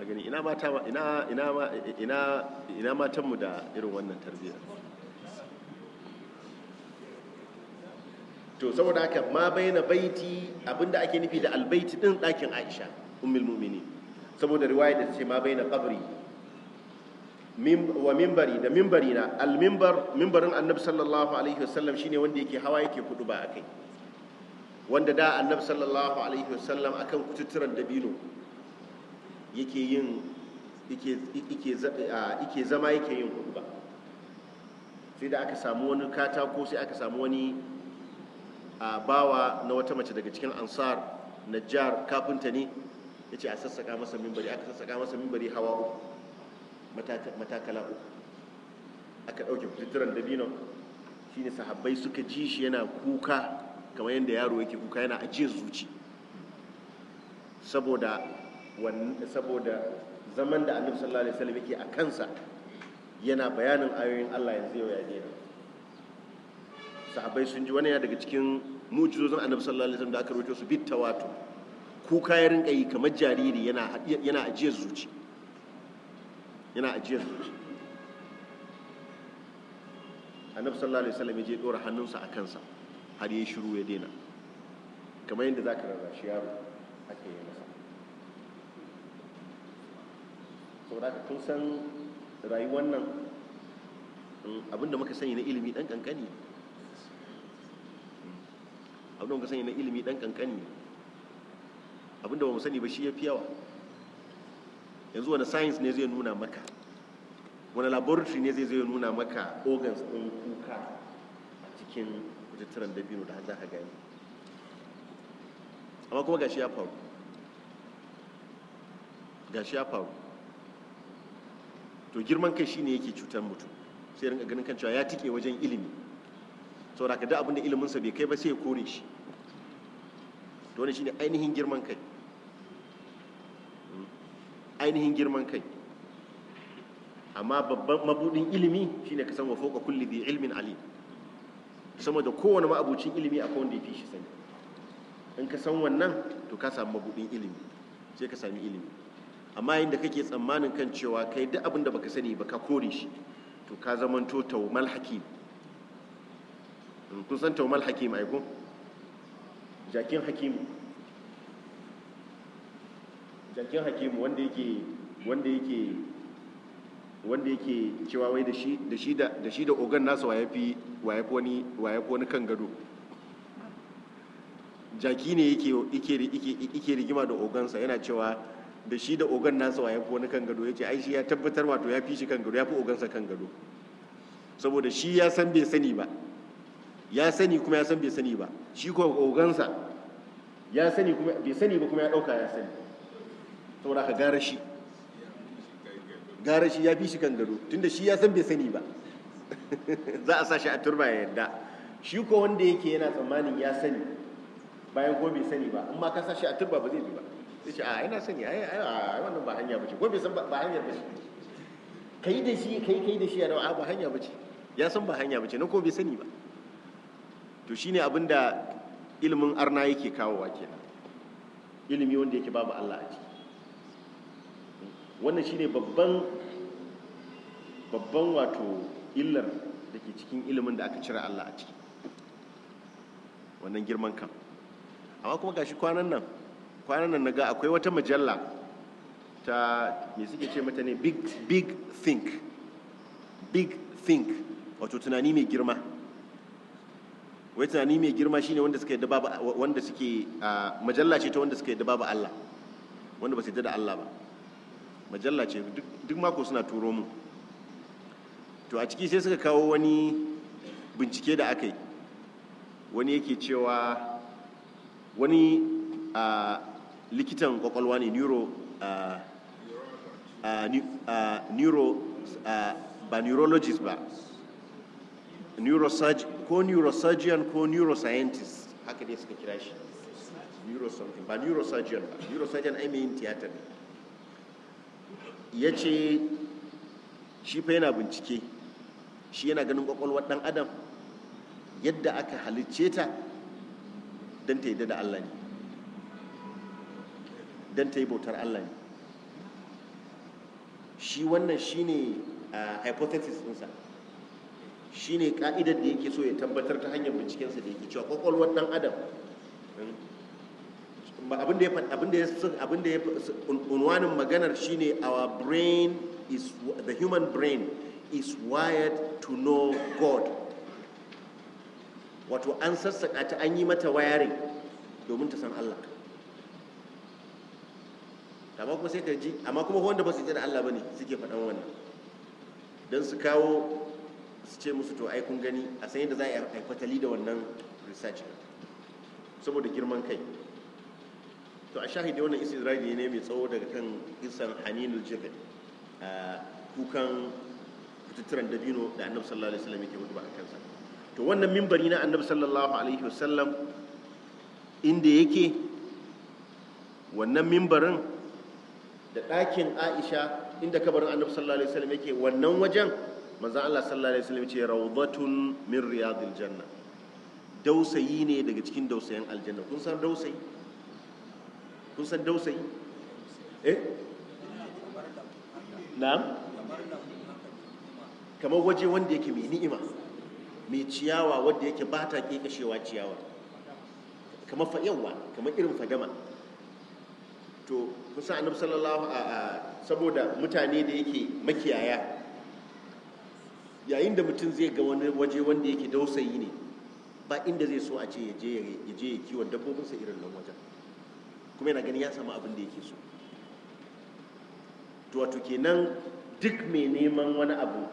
gani ina mata ina ina ina ina matan mu da irin wannan tarbiyya to saboda haka ma baina baiti abinda ake nufi da albaiti din dakin Aisha ummul mu'minin saboda riwaya da ce ma baina qabri wa mimbari da mimbari na almimbar mimbarin annabi sallallahu alaihi wasallam shine wanda yake hawa yake kudu ba akai wanda da annabi sallallahu alaihi wasallam akan kututturan dabino yake yin ike zama yake yin ba sai da aka samu wani katako sai aka samu wani bawa na wata mace daga cikin ansar na najjar kafinta ne ya ce a sassaka masa mimbari aka sassaka masa mimbari hawa uku matakala uku aka ɗauke fitattaren dabino ne sahabbai suka ji shi yana kuka kamar yadda yaro yake kuka yana ajiyar zuci saboda saboda zaman da annabi sallallahu alaihi wasallam yake a kansa yana bayanin ayoyin Allah yanzu yau ya daina sahabbai sun ji wani ya daga cikin mujizozin annabi sallallahu alaihi wasallam da aka rubuto su bit tawatu kuka ya rinka yi kamar jariri yana yana ajiyar zuci yana ajiyar zuci annabi sallallahu alaihi wasallam ya je dora hannunsa a kansa har ya shiru ya daina kamar yadda zaka rarrashi yaro ake yi masa saboda haka kun san rayuwar nan abinda muka sani na ilimi dan kankani abinda muka sani na ilimi dan kankani abinda ba mu sani ba shi ya fi yawa yanzu wani science ne zai nuna maka wani laboratory ne zai zai nuna maka organs ɗin kuka a cikin littatturan dabino da za ka gani amma kuma gashi ya faru gashi ya faru to girman kai shine yake cutar mutum sai rinka ganin kan cewa ya tike wajen ilimi saboda ka da abin da ilimin sa bai kai ba sai ya kore shi to shi shine ainihin girman kai ainihin girman kai amma babban mabudin ilimi shine ka san wa fawqa kulli dhi ilmin alim sama da kowane ma'abucin ilimi akwai wanda ya fi shi sani in ka san wannan to ka samu mabudin ilimi sai ka sami ilimi amma da kake tsammanin kan cewa kai duk abin da baka sani ba ka kore shi to ka to taumal hakim hmm, kun san taumal hakim aiko jakin hakim jakin hakim wanda yake wanda yake wanda yake cewa wai da shi da shi da da shi da ogan nasa wa yafi wa yafi wani wa yafi wani kan gado jaki ne yake yake yake rigima da ogansa yana cewa da shi da ogan nasa ya fi wani kan gado ya ce ai shi ya tabbatar wato ya fi shi kan gado ya fi ogansa kan gado saboda shi ya san bai sani ba ya sani kuma ya san bai sani ba shi ko ogansa ya sani kuma bai sani ba kuma ya dauka ya sani saboda ka gara shi gara shi ya fi shi kan gado tunda shi ya san bai sani ba [laughs] za a sa shi a turba ya yadda shi ko wanda yake yana tsammanin ya sani bayan ko bai sani ba amma ka sa shi a turba ba zai bi ba sai ce a ina sani ai ai wannan ba hanya bace ko bai san ba hanya bace kai da shi kai kai da shi a ba hanya bace ya san ba hanya bace na ko bai sani ba to shine abinda ilimin arna yake kawowa kenan ilimi wanda yake babu Allah a ciki wannan shine babban babban wato illar da ke cikin ilimin da aka cire Allah a ciki wannan girman kan amma kuma gashi kwanan nan kwanan nan naga akwai wata mujalla ta me suke ce mata ne big big think big think wato tunani mai girma wai tunani mai girma shine wanda suka yadda babu wanda suke majalla ce ta wanda suka yadda babu Allah wanda ba su yadda da Allah ba majalla ce duk mako suna turo mu to a ciki sai suka kawo wani bincike da aka yi wani yake cewa wani likitan kwakwalwa ne neuro uh, uh, uh, neuro ba neurologist ba ko neurosurgeon ko neuroscientist haka dai suka kira shi ba neurosurgeon ba neurosurgeon ai mai yin tiyata ne ya ce shi fa yana bincike shi yana ganin kwakwalwar dan adam yadda aka halicce ta don ta yi da Allah ne don ta yi bautar Allah ne shi wannan shi ne hypothesis ɗinsa shi ne ƙa'idar da yake so ya tabbatar ta hanyar bincikensa da yake cewa ƙwaƙwalwar ɗan adam hmm, abinda ya unwanin maganar shi ne our brain is the human brain is wired to know God wato an sassaƙa ta an yi mata wayarin domin ta san Allah amma kuma sai ka ji amma kuma wanda ba su da Allah bane suke faɗan wannan don su kawo su ce musu to ai kun gani a san yadda za a yi fatali da wannan research saboda girman kai to a shahidi wannan isra'ili ne mai tsawo daga kan isan haninul jabal a kukan fitatturan dabino da annabi sallallahu alaihi wasallam yake hudu a kansa to wannan mimbari na annabi sallallahu alaihi wasallam inda yake wannan mimbarin da ɗakin aisha inda kabarin annabi sallallahu alaihi wasallam yake wannan wajen manzan Allah sallallahu alaihi wasallam ce rawdatun min riyadil janna dausayi ne daga cikin dausayin aljanna kun san dausayi kun san dausayi eh na'am kamar waje wanda yake mai ni'ima mai ciyawa wanda yake ba ta kekashewa ciyawa kamar fa yawa kamar irin fadama to kusan annabi sallallahu a saboda mutane da yake makiyaya yayin da mutum zai ga wani waje wanda yake dausayi ne ba inda zai so a ce ya je ya kiwon dabbobinsa irin nan wajen kuma yana gani ya samu abin da yake so to wato kenan duk mai neman wani abu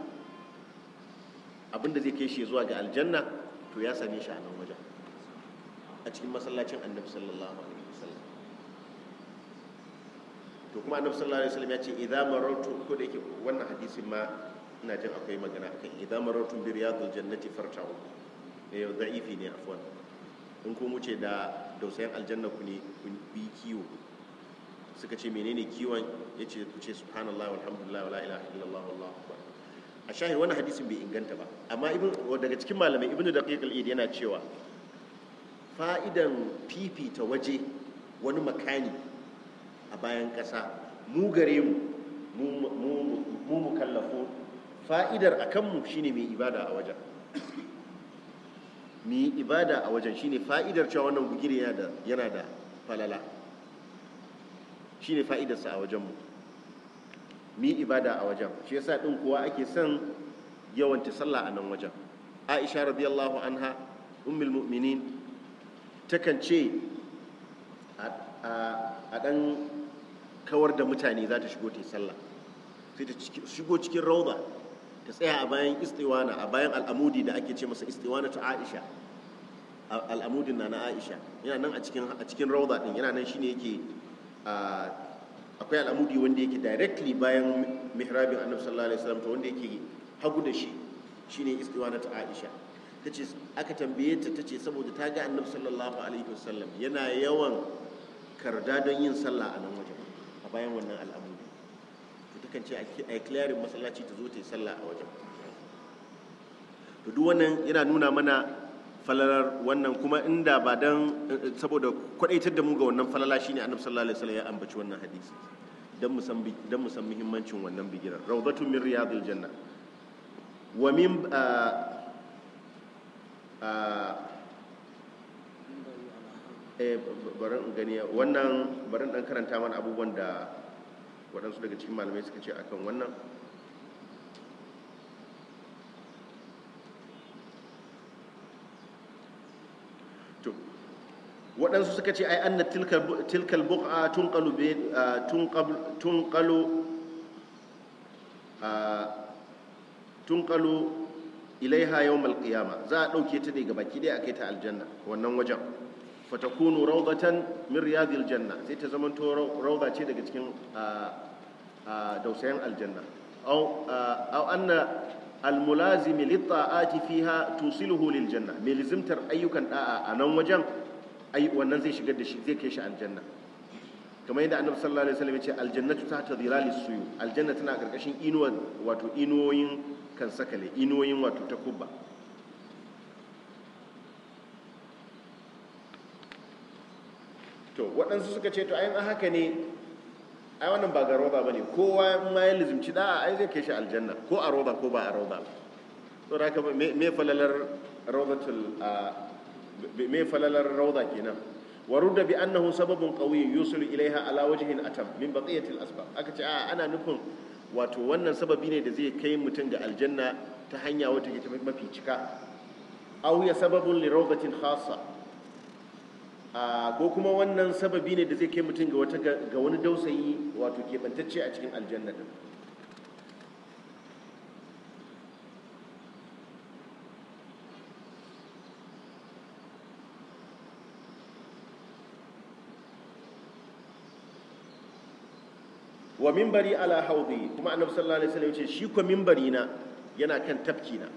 abin da zai kai shi zuwa ga aljanna to ya same shi a nan wajen a cikin masallacin annabi sallallahu alaihi to kuma annabi sallallahu alaihi wasallam ya ce idza marartu ko da yake wannan hadisin ma ina jin akwai magana akan idza marartu bi riyadul jannati farta'u eh da'ifi ne afwan in ko muce da dausayin aljanna ku ne ku bi kiwo suka ce menene kiwon yace ku ce subhanallahi walhamdulillahi wala ilaha illallah wallahu akbar a shahi wannan hadisin bai inganta ba amma ibn daga cikin malamai ibnu daqiq al-id yana cewa fa'idan fifita waje wani makani a bayan ƙasa mu gare mu mu kallafo fa'idar a kanmu shi ne mai ibada a wajen mai ibada a wajen shi ne fa'idar cewa wannan bugire yana da falala Shi ne fa'idarsa a wajenmu mai ibada a wajen shi yasa ɗin kuwa ake son yawanta sallah a nan wajen aisha radiyallahu anha ummul mu'minin takan ce a ɗan kawar da mutane za ta shigo ta yi sallah sai ta shigo cikin rauda ta tsaya a bayan istiwana a bayan al'amudi da ake ce masa istiwana ta aisha al'amudin na na aisha yana nan a cikin a cikin rauda din yana nan shine yake akwai al'amudi wanda yake directly bayan mihrabin annabi sallallahu alaihi wasallam to wanda yake hagu da shi shine istiwana ta aisha tace aka tambaye ta tace saboda ta ga annabi sallallahu alaihi wasallam yana yawan karda don yin sallah a nan wajen bayan wannan al'amuri to takan ce a yi clearing matsalaci ta zo ta yi sallah a wajen to duk wannan yana nuna mana falalar wannan kuma inda ba dan eh, saboda kwadaitar da mu ga wannan falala shine annabi sallallahu alaihi wasallam ya ambaci wannan hadisi don mu san muhimmancin wannan bigirar rawdatu min riyadil janna wa min ah, ah, Eh, wannan barin dan karanta mana abubuwan da waɗansu daga cikin malamai suka ce akan wannan to waɗansu suka ce ai anna tilkal buk tunqalu bi tunqalu tunqalu ilaiha yau al za a ɗauke ta ne ɗaya dai kai ta aljanna wannan wajen fatakunu rawdatan min riyadil janna sai ta zamanto rawda ce daga cikin dausayan aljanna aw aw anna almulazimi litta'ati fiha tusiluhu lil janna mai lizimtar ayyukan da'a a nan wajen wannan zai shigar da shi zai kai shi aljanna kamar yadda annabi sallallahu alaihi wasallam ya ce aljannatu tahta dhilalis suyu aljanna tana karkashin inuwan wato inuwoyin kan sakale inuwoyin wato takubba to waɗansu suka ce to ayin a haka ne ai wannan ba ga roba ba ne kowa ma ya lizimci da'a ai zai kai shi aljanna ko a roba ko ba a roba to da haka me falalar rawdatul me falalar rawda kenan rudda bi annahu sababun qawiy yusul ilaiha ala wajhin atam min baqiyatil asbab aka ce a ana nufin wato wannan sababi ne da zai kai mutum ga aljanna ta hanya wata ke mafi cika aw ya sababun li rawdatin khassa ko kuma wannan sababi ne da zai kai mutum ga wani dausayi wato keɓantacce a cikin aljanna din wa mimbari ala haudi kuma annabi sallallahu alaihi wasallam ya ce shi ko mimbari na yana kan tafki na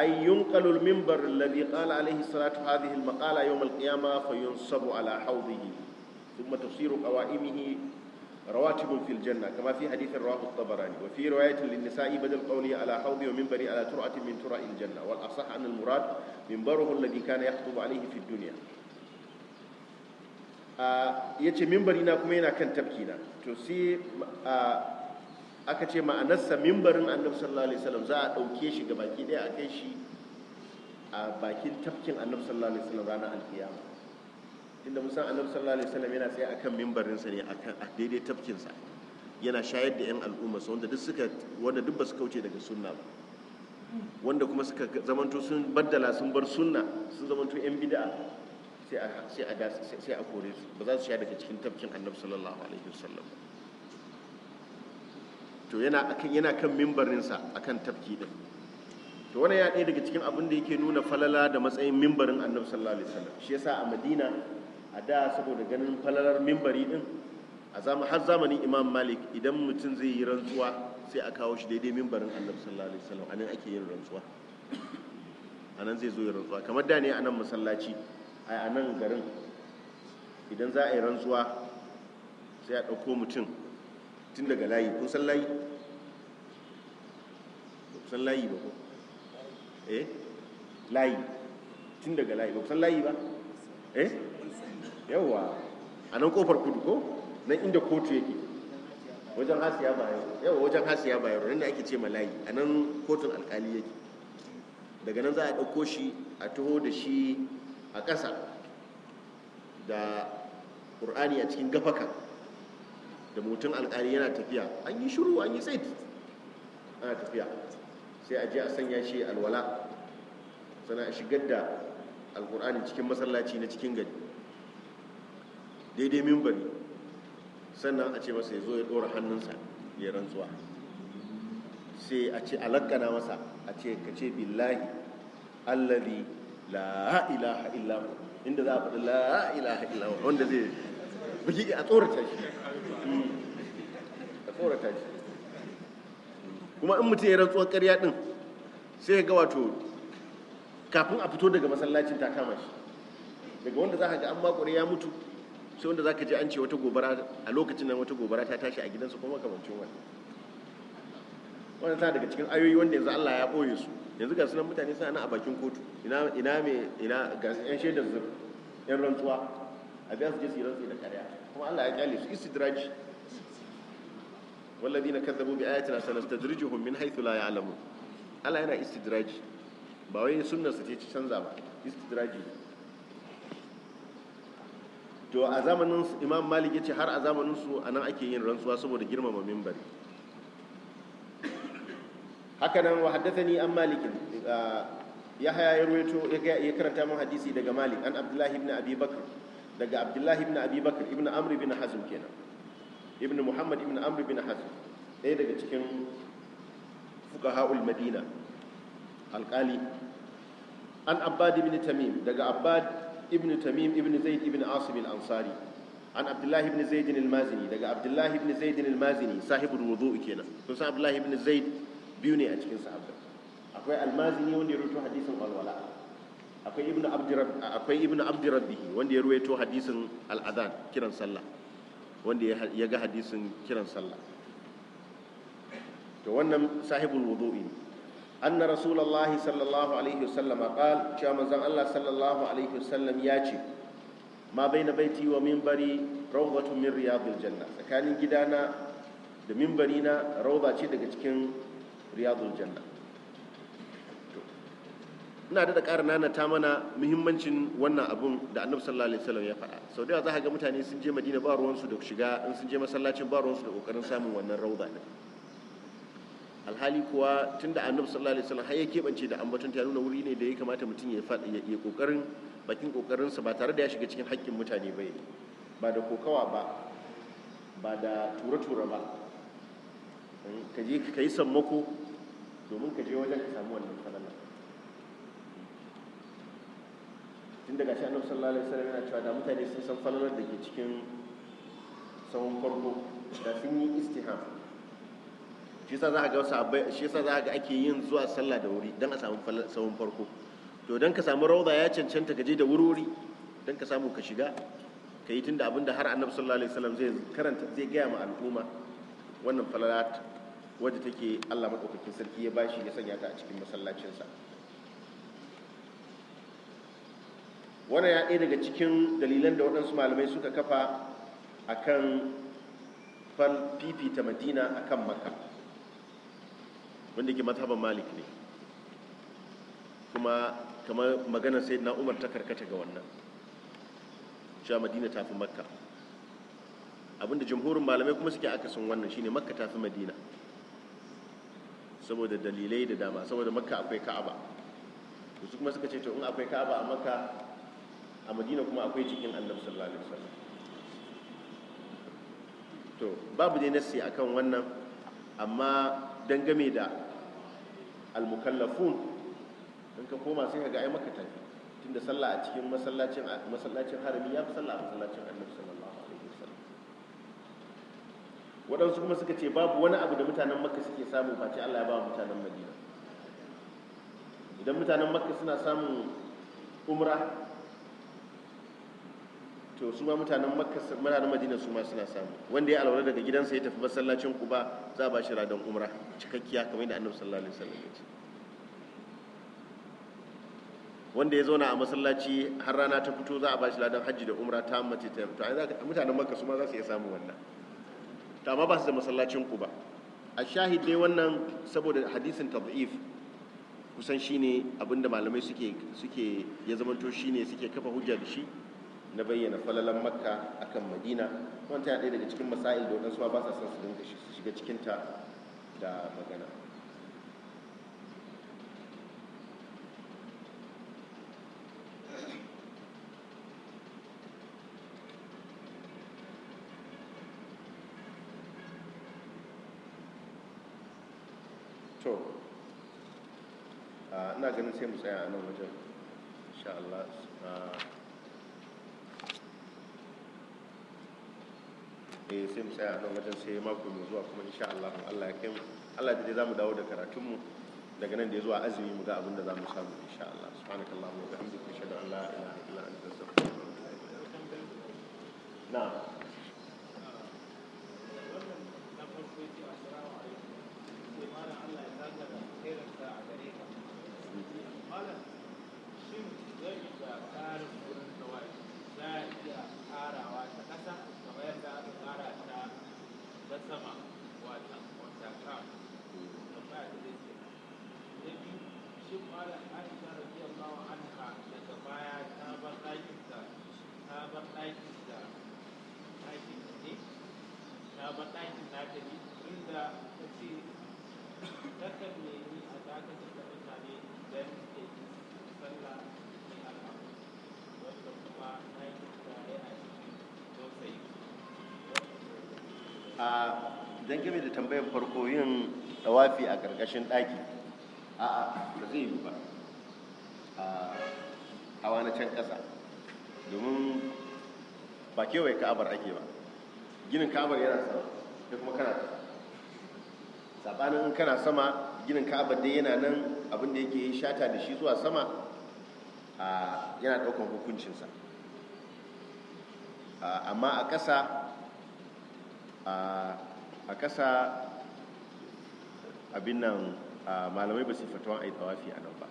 أي ينقل المنبر الذي قال عليه الصلاة هذه المقالة يوم القيامة فينصب على حوضه ثم تصير قوائمه رواتب في الجنة كما في حديث رواه الطبراني وفي رواية للنساء بدل قوله على حوض ومنبري على ترعة من ترع الجنة والأصح أن المراد منبره الذي كان يخطب عليه في الدنيا آه يتي منبرنا كمينا كان تبكينا تسي آه aka ce ma'anarsa mimbarin annabi sallallahu alaihi wasallam za a ɗauke shi ga baki ɗaya a kai shi a bakin tafkin annabi sallallahu alaihi wasallam ranar alkiyama tunda musan annabi sallallahu alaihi wasallam yana tsaye akan mimbarinsa ne akan a daidai sa yana shayar da 'yan sa wanda duk suka wanda duk ba su kauce daga sunna ba wanda kuma suka zamanto sun baddala sun bar sunna sun zamanto 'yan bid'a sai a kore su ba za su sha daga cikin tafkin annabi sallallahu alaihi wasallam ba to yana akan yana kan mimbarinsa akan tafki din to wannan ya ɗaya daga cikin abin da yake nuna falala da matsayin mimbarin annabi sallallahu alaihi wasallam shi yasa a madina a da saboda ganin falalar mimbari din a zama har zamanin imam malik idan mutum zai yi rantsuwa sai a kawo shi daidai mimbarin annabi sallallahu alaihi wasallam anan ake yin rantsuwa anan zai zo yin rantsuwa kamar da ne a nan masallaci a nan garin idan za a yi rantsuwa sai a ɗauko mutum tun daga layi kun san layi ba san layi ba ku eh layi tun daga layi ba san layi ba eh yawa a nan kofar kudu ko nan inda kotu yake wajen hasiya bayero yawa wajen hasiya bayero nan da ake ce ma layi a nan kotun alkali yake daga nan za a ɗauko shi a taho da shi a ƙasa da ƙur'ani a cikin gafakan da mutum alkali yana tafiya an yi shiru an yi tsaid ana tafiya sai a je a sanya shi alwala sana a shigar da alkur'ani cikin masallaci na cikin gari daidai mimbari sannan a ce masa ya zo ya ɗora hannunsa ya rantsuwa sai a ce alakana masa a ce ka ce billahi allazi la ilaha illahu inda za a faɗi la ilaha illahu wanda zai bugi a tsorata shi kuma in mutum ya rantsuwar karya din sai ya ga wato kafin a fito daga masallacin ta kama shi daga wanda za ka ga an makure ya mutu sai wanda za ka je an ce wata gobara a lokacin nan wata gobara ta tashi a gidansu kuma kamancin wani wanda ta daga cikin ayoyi wanda yanzu Allah ya ɓoye su yanzu ga sunan mutane suna a bakin kotu ina mai ina ga yan shaidar zur yan rantsuwa a biya su je su yi rantsi da karya. kuma Allah ya kyale su istidraji na kazzabu bi ayatina sanastadrijuhum min haythu la ya'lamun Allah yana istidraji ba wai sunnar su ce canza ba istidraji to a zamanin Imam Malik yace har a zamanin su anan ake yin rantsuwa saboda girmama minbar haka nan wa haddathani an Malik ah, ya haya ya ruwaito ya karanta mun hadisi daga Malik an Abdullahi ibn Abi Bakr daga abdullahi ibn abubakar bakar ibn amr ibn hazm kenan ibn muhammad ibn amri bin hazm ɗaya daga cikin fuka ha'ul madina alƙali an abbad ibn tamim daga abad ibn tamim ibn zaid ibn asim al-ansari an abdullahi ibn zaid al-mazini daga abdullahi ibn zaid al-mazini sahibul wudu'i kenan kun san abdullahi ibn zaid biyu ne a cikin sahabbai akwai al-mazini wanda ya rubuta hadisin walwala akwai Ibn abdirab wanda ya ruwaito hadisin al-adhan kiran sallah wanda ya ga hadisin kiran sallah to wannan sahibul wudu'i na Rasulallah sallallahu alaihi wasallam qal cewa manzon Allah sallallahu alaihi wasallam ya ce ma bai na baiti wa minbari rawdatun min riyadil janna tsakanin gidana da minbari na rawda ce daga cikin riyadul janna ina da ƙara nanata mana muhimmancin wannan abun da annabi sallallahu alaihi wasallam ya faɗa sau da yawa za ka ga mutane sun je madina ba ruwansu da shiga in sun je masallacin ba ruwansu da ƙoƙarin samun wannan rauda ne alhali kuwa tunda annabi sallallahu alaihi wasallam har ya keɓance da ambaton ta nuna wuri ne da ya kamata mutum ya faɗa ya ƙoƙarin bakin ƙoƙarinsa ba tare da ya shiga cikin haƙƙin mutane ba ba da kokawa ba ba da tura-tura ba ka je ka yi sammako domin ka je wajen ka samu wannan sallallahu tun daga shi annabi sallallahu alaihi wasallam yana cewa da mutane sun san falalar da ke cikin sahun farko da sun yi istiham shi yasa zaka ga wasu shi yasa za a ga ake yin zuwa sallah da wuri don a samu sahun farko to don ka samu rauda ya cancanta ka je da wuri don ka samu ka shiga ka yi tunda abinda har annabi sallallahu alaihi wasallam zai karanta zai gaya ma al'umma wannan falalat wadda take Allah madaukakin sarki ya bashi ya sanya ta a cikin masallacinsa wannan ya ɗaya daga cikin dalilan da waɗansu malamai suka kafa a kan fifita madina a kan maka wanda ke mazhaban malik ne kuma kamar magana sai na umar ta karkata ga wannan cewa madina ta fi makka abinda jamhurin malamai kuma suke akasin wannan shine makka ta fi madina saboda dalilai da dama saboda makka akwai ka'aba su kuma suka ce to in akwai ka'aba a makka a madina kuma akwai cikin annabi sallallahu alaihi wasallam to babu dai nassi akan wannan amma dangame da almukallafun in ka koma sai ka ga ai maka tafi tunda sallah a cikin masallacin masallacin harami ya fi sallah a masallacin annabi sallallahu alaihi wasallam waɗansu kuma suka ce babu wani abu da mutanen makka suke samu face Allah ya ba mutanen madina idan mutanen makka suna samun umra to su ma mutanen makka mutanen madina su ma suna samu wanda ya alwala daga gidansa ya tafi masallacin kuba za a ba shi ladan umra cikakkiya kamar yadda annabi sallallahu alaihi wasallam ya ce wanda ya zauna a masallaci har rana ta fito za a ba shi ladan hajji da umra ta mace ta to ai mutanen makka su ma za su iya samu wannan to amma ba su da masallacin kuba a shahid dai wannan saboda hadisin tad'if kusan shine abinda malamai suke suke ya zamanto shine suke kafa hujja da shi na bayyana falalan makka a kan madina wanda yana ɗaya daga cikin masail da waɗansu ba sa son su dinga shiga cikinta da magana to ah, ina ganin sai mu tsaya a nan wajen insha Allah ah, eh sai mu tsaya a nan wajen sai mako mai zuwa kuma insha Allah Allah ya kai mu Allah da dai zamu dawo da karatun mu daga nan da zuwa azumi mu ga abin da zamu samu insha Allah subhanakallahumma wa bihamdika ashhadu an la ilaha illa anta astaghfiruka wa atubu ilaik na'am a game da tambayar farko yin tawafi a ƙarƙashin ɗaki a a da zai yi ba a na can ƙasa domin ba kewaye ka'abar ake ba ginin ka'abar yana sama ya kuma kana sama. saɓanin in kana sama ginin ka'abar dai yana nan abin da yake shata da shi zuwa sama yana ɗaukan hukuncinsa amma a ƙasa a ƙasa abin nan malamai ba su fatawan a yi tsawafi a nan ba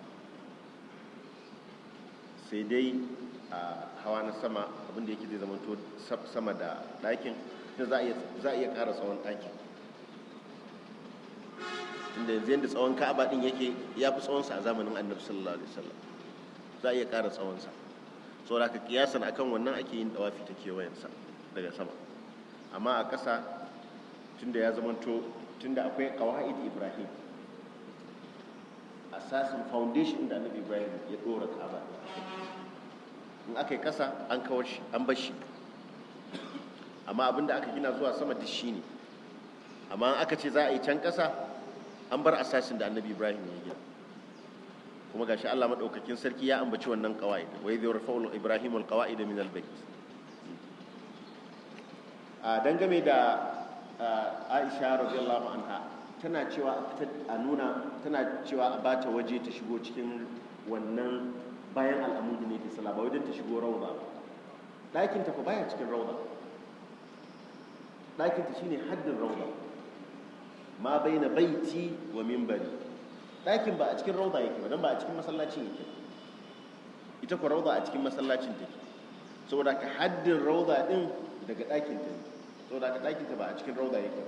sai dai a hawa na sama abinda yake zai zama to sama da ɗakin da za a iya ƙara tsawon ɗakin inda yanzu yadda tsawon ka'aba ɗin yake ya fi tsawonsa a zamanin annabi sallallahu alaihi wasallam za a iya ƙara tsawonsa saboda ka kiyasan akan wannan ake yin tsawafi ta kewayensa daga sama amma a ƙasa tunda ya zamanto tunda akwai kawai ibrahim asasin foundation da annabi ibrahim ya dora kaba in aka yi ƙasa an kawar shi an bar shi amma abinda aka gina zuwa sama da shi ne amma aka ce za a yi can ƙasa an bar asasin da annabi ibrahim ya gina kuma gashi Allah madaukakin sarki ya ambaci wannan qawaid wa zai yarfa'u ibrahim da min albayt dangame da aisha radiyallahu anha tana cewa a nuna tana cewa a bata waje ta shigo cikin wannan bayan al'amudu ne ta sala ba wajen ta shigo rauda ɗakin ta fa baya cikin rauda ɗakin ta shine haddin rauda ma bai bai baiti wa mimbari ɗakin ba a cikin rauda yake ba don ba a cikin masallacin yake ita ku rauda a cikin masallacin take saboda ka haddin rauda din daga ɗakin ta ne so haka ɗakin ta ba a cikin rauda yake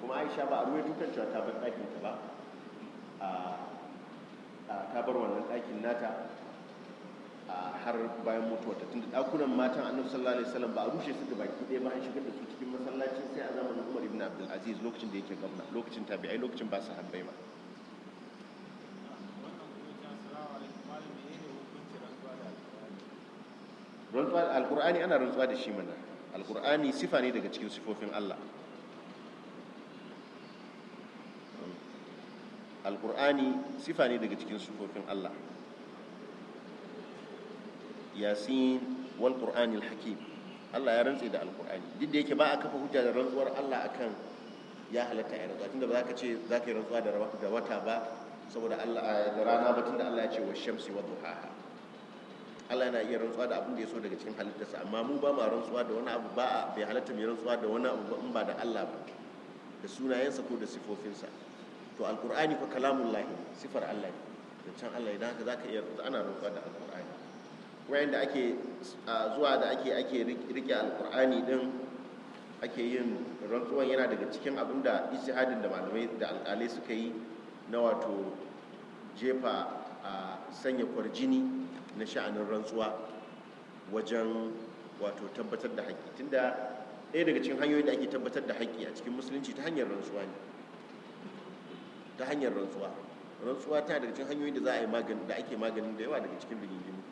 kuma aisha ba a ruwaito kan cewa ta bar ɗakin ta ba a ta bar wannan ɗakin nata a har bayan mutuwar tunda ɗakunan matan annabi sallallahu alaihi wasallam ba a rushe su da baki ɗaya ba an shigar da su cikin masallaci sai a zamanin Umar ibn Abdul Aziz lokacin da yake gwamna lokacin tabi'ai lokacin ba su habbai ma rantsuwa alkur'ani ana rantsuwa da shi mana alkur'ani sifa ne daga cikin sifofin Allah alkur'ani sifa ne daga cikin sifofin Allah yasin wal qur'anil hakim Allah ya rantse da alkur'ani duk da yake ba a kafa hujja da rantsuwar Allah akan ya halatta ya rantsuwa tunda ba za ka ce za ka yi rantsuwa da wata ba saboda Allah da rana ba tunda Allah ya ce wa shamsi wa duhaha Allah yana iya rantsuwa da abin da ya so daga cikin halittarsa amma mu ba ma rantsuwa da wani abu ba a bai halatta mu rantsuwa da wani abu ba in ba da Allah ba da sunayensa ko da sifofinsa to alqur'ani fa kalamun lahi sifar Allah ne da can Allah idan haka zaka iya ana rantsuwa da alqur'ani da ake zuwa da ake ake rike alqur'ani din ake yin rantsuwan yana daga cikin abin da ijtihadin da malamai da alƙalai suka yi na wato jefa a sanya kwarjini na sha'anin rantsuwa wajen wato tabbatar da haƙƙi tunda ɗaya daga cikin hanyoyi da ake tabbatar da haƙƙi a cikin musulunci ta hanyar rantsuwa ne ta hanyar rantsuwa rantsuwa ta daga cikin hanyoyi da za a yi magani da ake maganin da yawa daga cikin rigingimu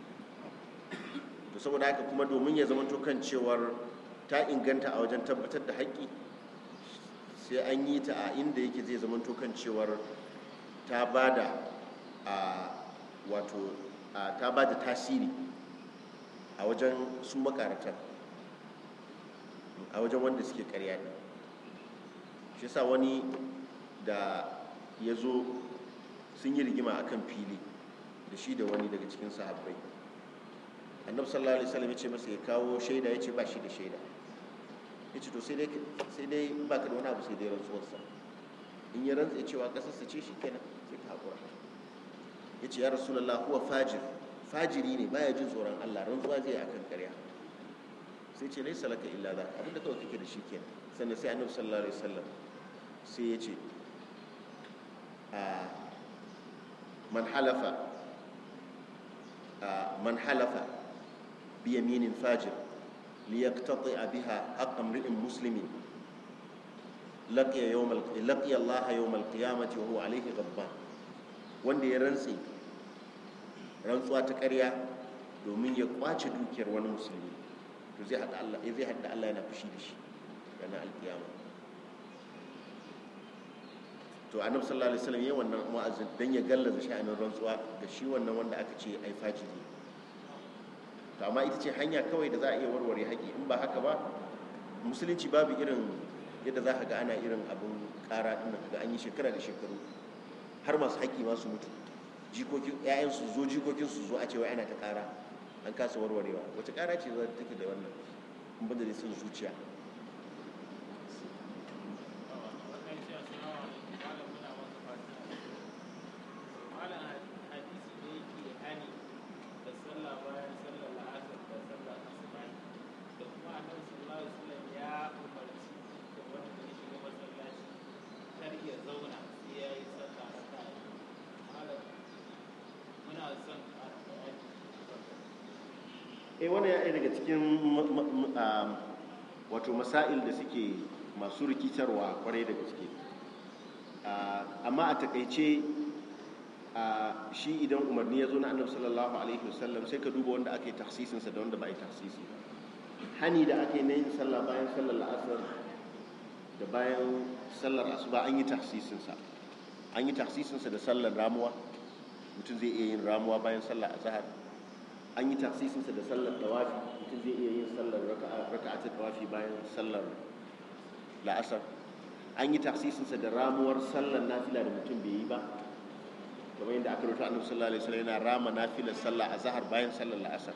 to saboda haka kuma domin ya zama kan cewar ta inganta a wajen tabbatar da haƙƙi sai an yi ta a inda yake zai zama kan cewar ta bada a wato ta ba da tasiri a wajen su makarantar a wajen wanda suke karya ne shi sa wani da ya zo sun yi rigima a kan fili da shi da wani daga cikin sahabbai annabi sallallahu alaihi wasallam ya ce masa ya kawo shaida ya ce ba shi da shaida ya ce to sai dai ba ka da wani abu sai dai rantsuwarsa in ya rantsa cewa ƙasarsa ce shi kenan sai ta haƙura ya ce ya rasulallah huwa fajir fajiri ne baya jin tsoron allah rantsuwa zai a kan karya sai ce laisa laka illa za abinda kawai kake da shi kenan sannan sai annabi sallallahu alaihi wasallam sai ya ce man halafa man halafa bi yaminin fajir ليقتطع بها حق امرئ مسلم لقي يوم لقي الله يوم القيامة وهو عليه غضبان wanda ya rantse rantsuwa ta ƙarya domin ya kwace dukiyar wani musulmi to zai haɗa Allah eh, zai haɗa Allah yana fushi da shi ranar alƙiyama to annabi sallallahu alaihi wasallam yayin wannan wa'azin dan ya gallaza sha'anin rantsuwa ga shi wannan wanda aka ce ai fajiri to amma ita ce hanya kawai da za a iya warware haƙi in ba haka ba musulunci babu irin yadda za ka ga ana irin abin ƙara ɗin ga an yi shekara da shekaru har masu haƙi masu mutu jikokin su zo jikokin su zo a cewa yana ta ƙara an kasa warwarewa wace ƙara ce za ta take da wannan in da son zuciya masail da suke masu rikitarwa kwarai da gaske amma a takaice shi idan umarni ya zo na annabi sallallahu alaihi wasallam sai ka duba wanda aka yi da wanda ba a yi ba hani da aka yi na yin sallah bayan sallar la'asar da bayan sallar asuba an yi tafsisinsa an yi tafsisinsa da sallar ramuwa mutum zai iya yin ramuwa bayan sallar azahar an yi tafsisinsa da sallar tawafi mutum zai iya yin sallar raka'a ta tawafi bayan sallar la'asar an yi tafsisinsa da ramuwar sallar nafila da mutum bai yi ba kamar yadda aka rubuta annabi sallallahu alaihi wasallam yana rama nafilar sallah a zahar bayan sallar la'asar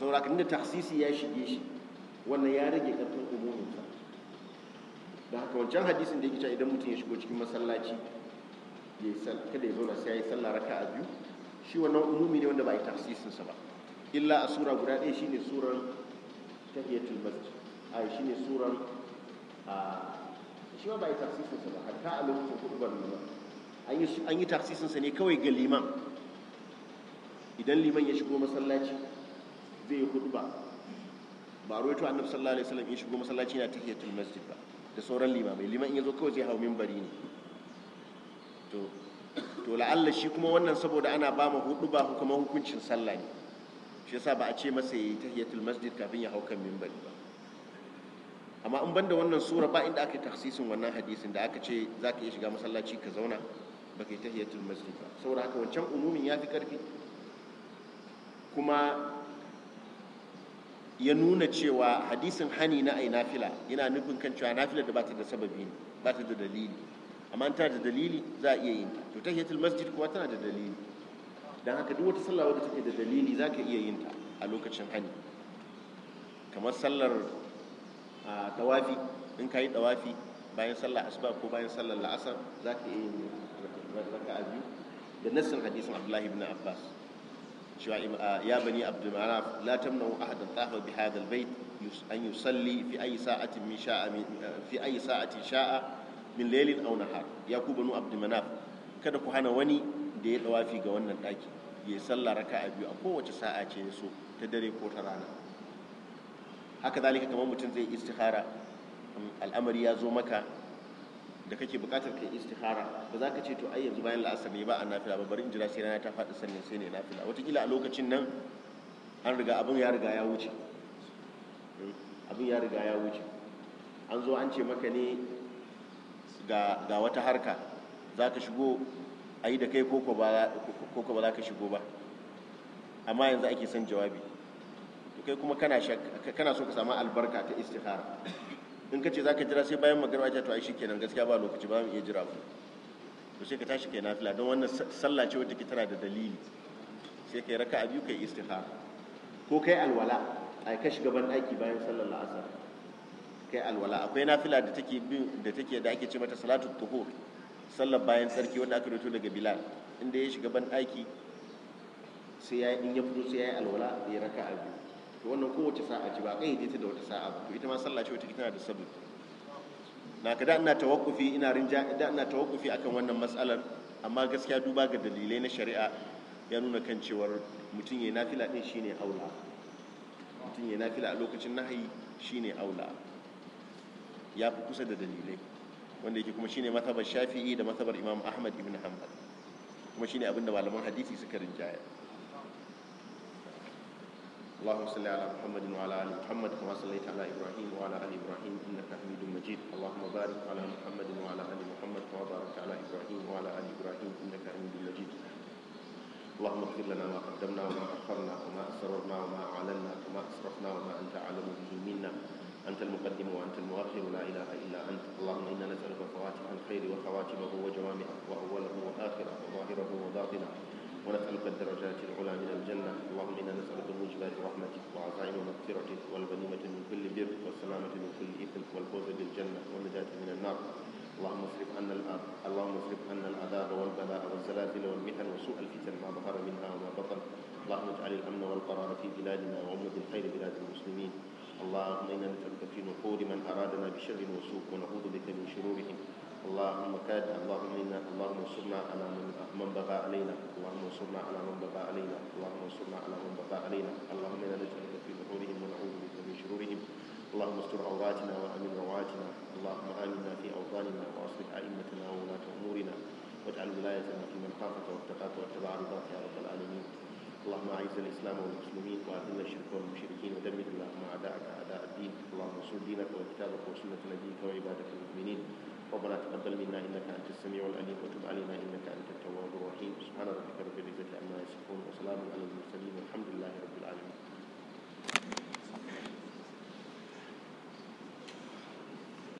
saboda kan da tafsisi ya shige shi wannan ya rage karfin umuminsa da haka wancan hadisin da yake cewa idan mutum ya shigo cikin masallaci kada ya zauna sai ya yi sallah raka'a biyu shi wannan umumi ne wanda ba yi tafsisinsa ba illa a sura guda ɗaya shine ta tahiyatul masjid a shine a shi ba a yi tafsisinsa ba hatta a lokacin hudubar liman an yi tafsisinsa ne kawai ga liman idan liman ya shigo masallaci zai yi huduba ba roito annabi sallallahu alaihi wasallam ya shigo masallaci ta tahiyatul masjid ba da sauran limamai liman in ya zo kawai zai hau minbari ne to to la'alla shi kuma wannan saboda ana ba mu hudu ba kuma hukuncin sallah ne shi yasa ba a ce masa yayi tahiyatul masjid kafin ya hau kan minbari ba amma in banda wannan sura ba inda aka yi tafsisin wannan hadisin da aka ce za ka iya shiga masallaci ka zauna ba ka yi tahiyatul masjid ba saboda haka wancan umumin ya fi karfi kuma ya nuna cewa hadisin hani na ai nafila yana nufin kan cewa nafila da ba ta da sababi ne ba ta da dalili amma an tada dalili za a iya yin ta to tahiyatul masjid kuwa tana da dalili dan haka duk wata sallah wadda take da dalili za ka iya yin ta a lokacin hani kamar sallar tawafi in ka yi tawafi bayan sallar asuba ko bayan sallar la'asar za ka iya yin raka'a biyu da nassin hadisin abdullahi ibn abbas cewa ya bani abdul manaf la tamnu ahadan tafa bi hadha al-bayt an yusalli fi ayi sa'atin min sha'a fi ayi sa'atin sha'a min lelin auna nahar ya ku banu manaf kada ku hana wani da ya dawafi ga wannan daki ya sallah a biyu a kowace sa'a ce ya so ta dare ko ta rana haka zalika kamar mutum zai istihara al'amari ya zo maka da kake bukatar kai istihara ba za ka ce to ai yanzu bayan la'asar ne ba a nafila ba bari jira sai rana ta faɗi sannan sai ne nafila wataƙila a lokacin nan an riga abin ya riga ya abin ya riga ya wuce an zo an ce maka ne ga wata harka za ka shigo a yi da kai koko ba za ka shigo ba amma yanzu ake son jawabi to kai kuma kana so ka samu albarka ta istihara in ka ce za ka jira sai bayan magana ta to ai kenan gaskiya ba lokaci ba mu iya jira ku to sai ka tashi kai nafila don wannan sallah ce wadda ke tana da dalili sai ka raka a biyu kai istihara ko kai alwala ai ka shiga ban aiki bayan sallar la'asar kai alwala akwai nafila da take bin da take da ake ce mata salatu tuhur sallar bayan tsarki wanda aka rito daga bilal inda ya shiga ban aiki sai ya in ya fito sai ya yi alwala ya raka a biyu to wannan kowace sa'a ce ba kai dai ta da wata sa'a ba to ita ma sallah ce wata tana da sabbi na kada da ina tawakkufi ina rinja da ina tawakkufi akan wannan matsalar amma gaskiya duba ga dalilai na shari'a ya nuna kan cewar mutum ya nafila din shine aula mutum ya nafila a lokacin nahayi shine aula ya fi kusa da dalilai wanda yake kuma shine matabar shafi'i da matabar imam ahmad ibn hanbal kuma shine abin da malaman hadisi suka rinjaya اللهم صل على محمد وعلى ال محمد كما صليت على ابراهيم وعلى ال ابراهيم انك حميد مجيد اللهم بارك على محمد وعلى ال محمد كما باركت على ابراهيم وعلى ال ابراهيم انك حميد مجيد اللهم اغفر لنا ما قدمنا وما اخرنا وما اسررنا وما اعلنا وما اسرفنا وما انت اعلم به منا أنت المقدم وأنت المؤخر لا إله إلا أنت اللهم إنا نسألك فواتح الخير وخواتمه وجوامعه وأوله وآخره وظاهره وباطنه ونسألك الدرجات العلى من الجنة اللهم إنا نسألك موجبات رحمتك وعزائم مغفرتك والغنيمة من كل بر والسلامة من كل إثم والفوز بالجنة والنجاة من النار اللهم اصرف عنا اللهم اصرف عنا العذاب والبلاء والزلازل والمحن وسوء الفتن ما ظهر منها وما بطن اللهم اجعل الأمن والقرار في بلادنا وأمة الخير بلاد المسلمين اللهم إنا نسألك في نحور من أرادنا بشر وسوء ونعوذ بك من شرورهم اللهم كاد اللهم إنا اللهم انصرنا على من بغى علينا اللهم انصرنا على من بغى علينا اللهم انصرنا على من بغى علينا اللهم إنا نسألك في نحورهم ونعوذ بك من شرورهم اللهم استر عوراتنا وأمن رواتنا اللهم آمنا في أوطاننا وأصلح أئمتنا وولاة أمورنا واجعل ولايتنا في من خافك واتقاك واتبع رضاك يا رب العالمين اللهم أعز الإسلام والمسلمين وأذل الشرك والمشركين ودمر اللهم أعداءك أعداء الدين اللهم انصر دينك وكتابك وسنة نبيك وعبادك المؤمنين ربنا تقبل منا إنك أنت السميع العليم وتب علينا إنك أنت التواب الرحيم سبحان ربك رب العزة عما يصفون وسلام على المرسلين والحمد لله رب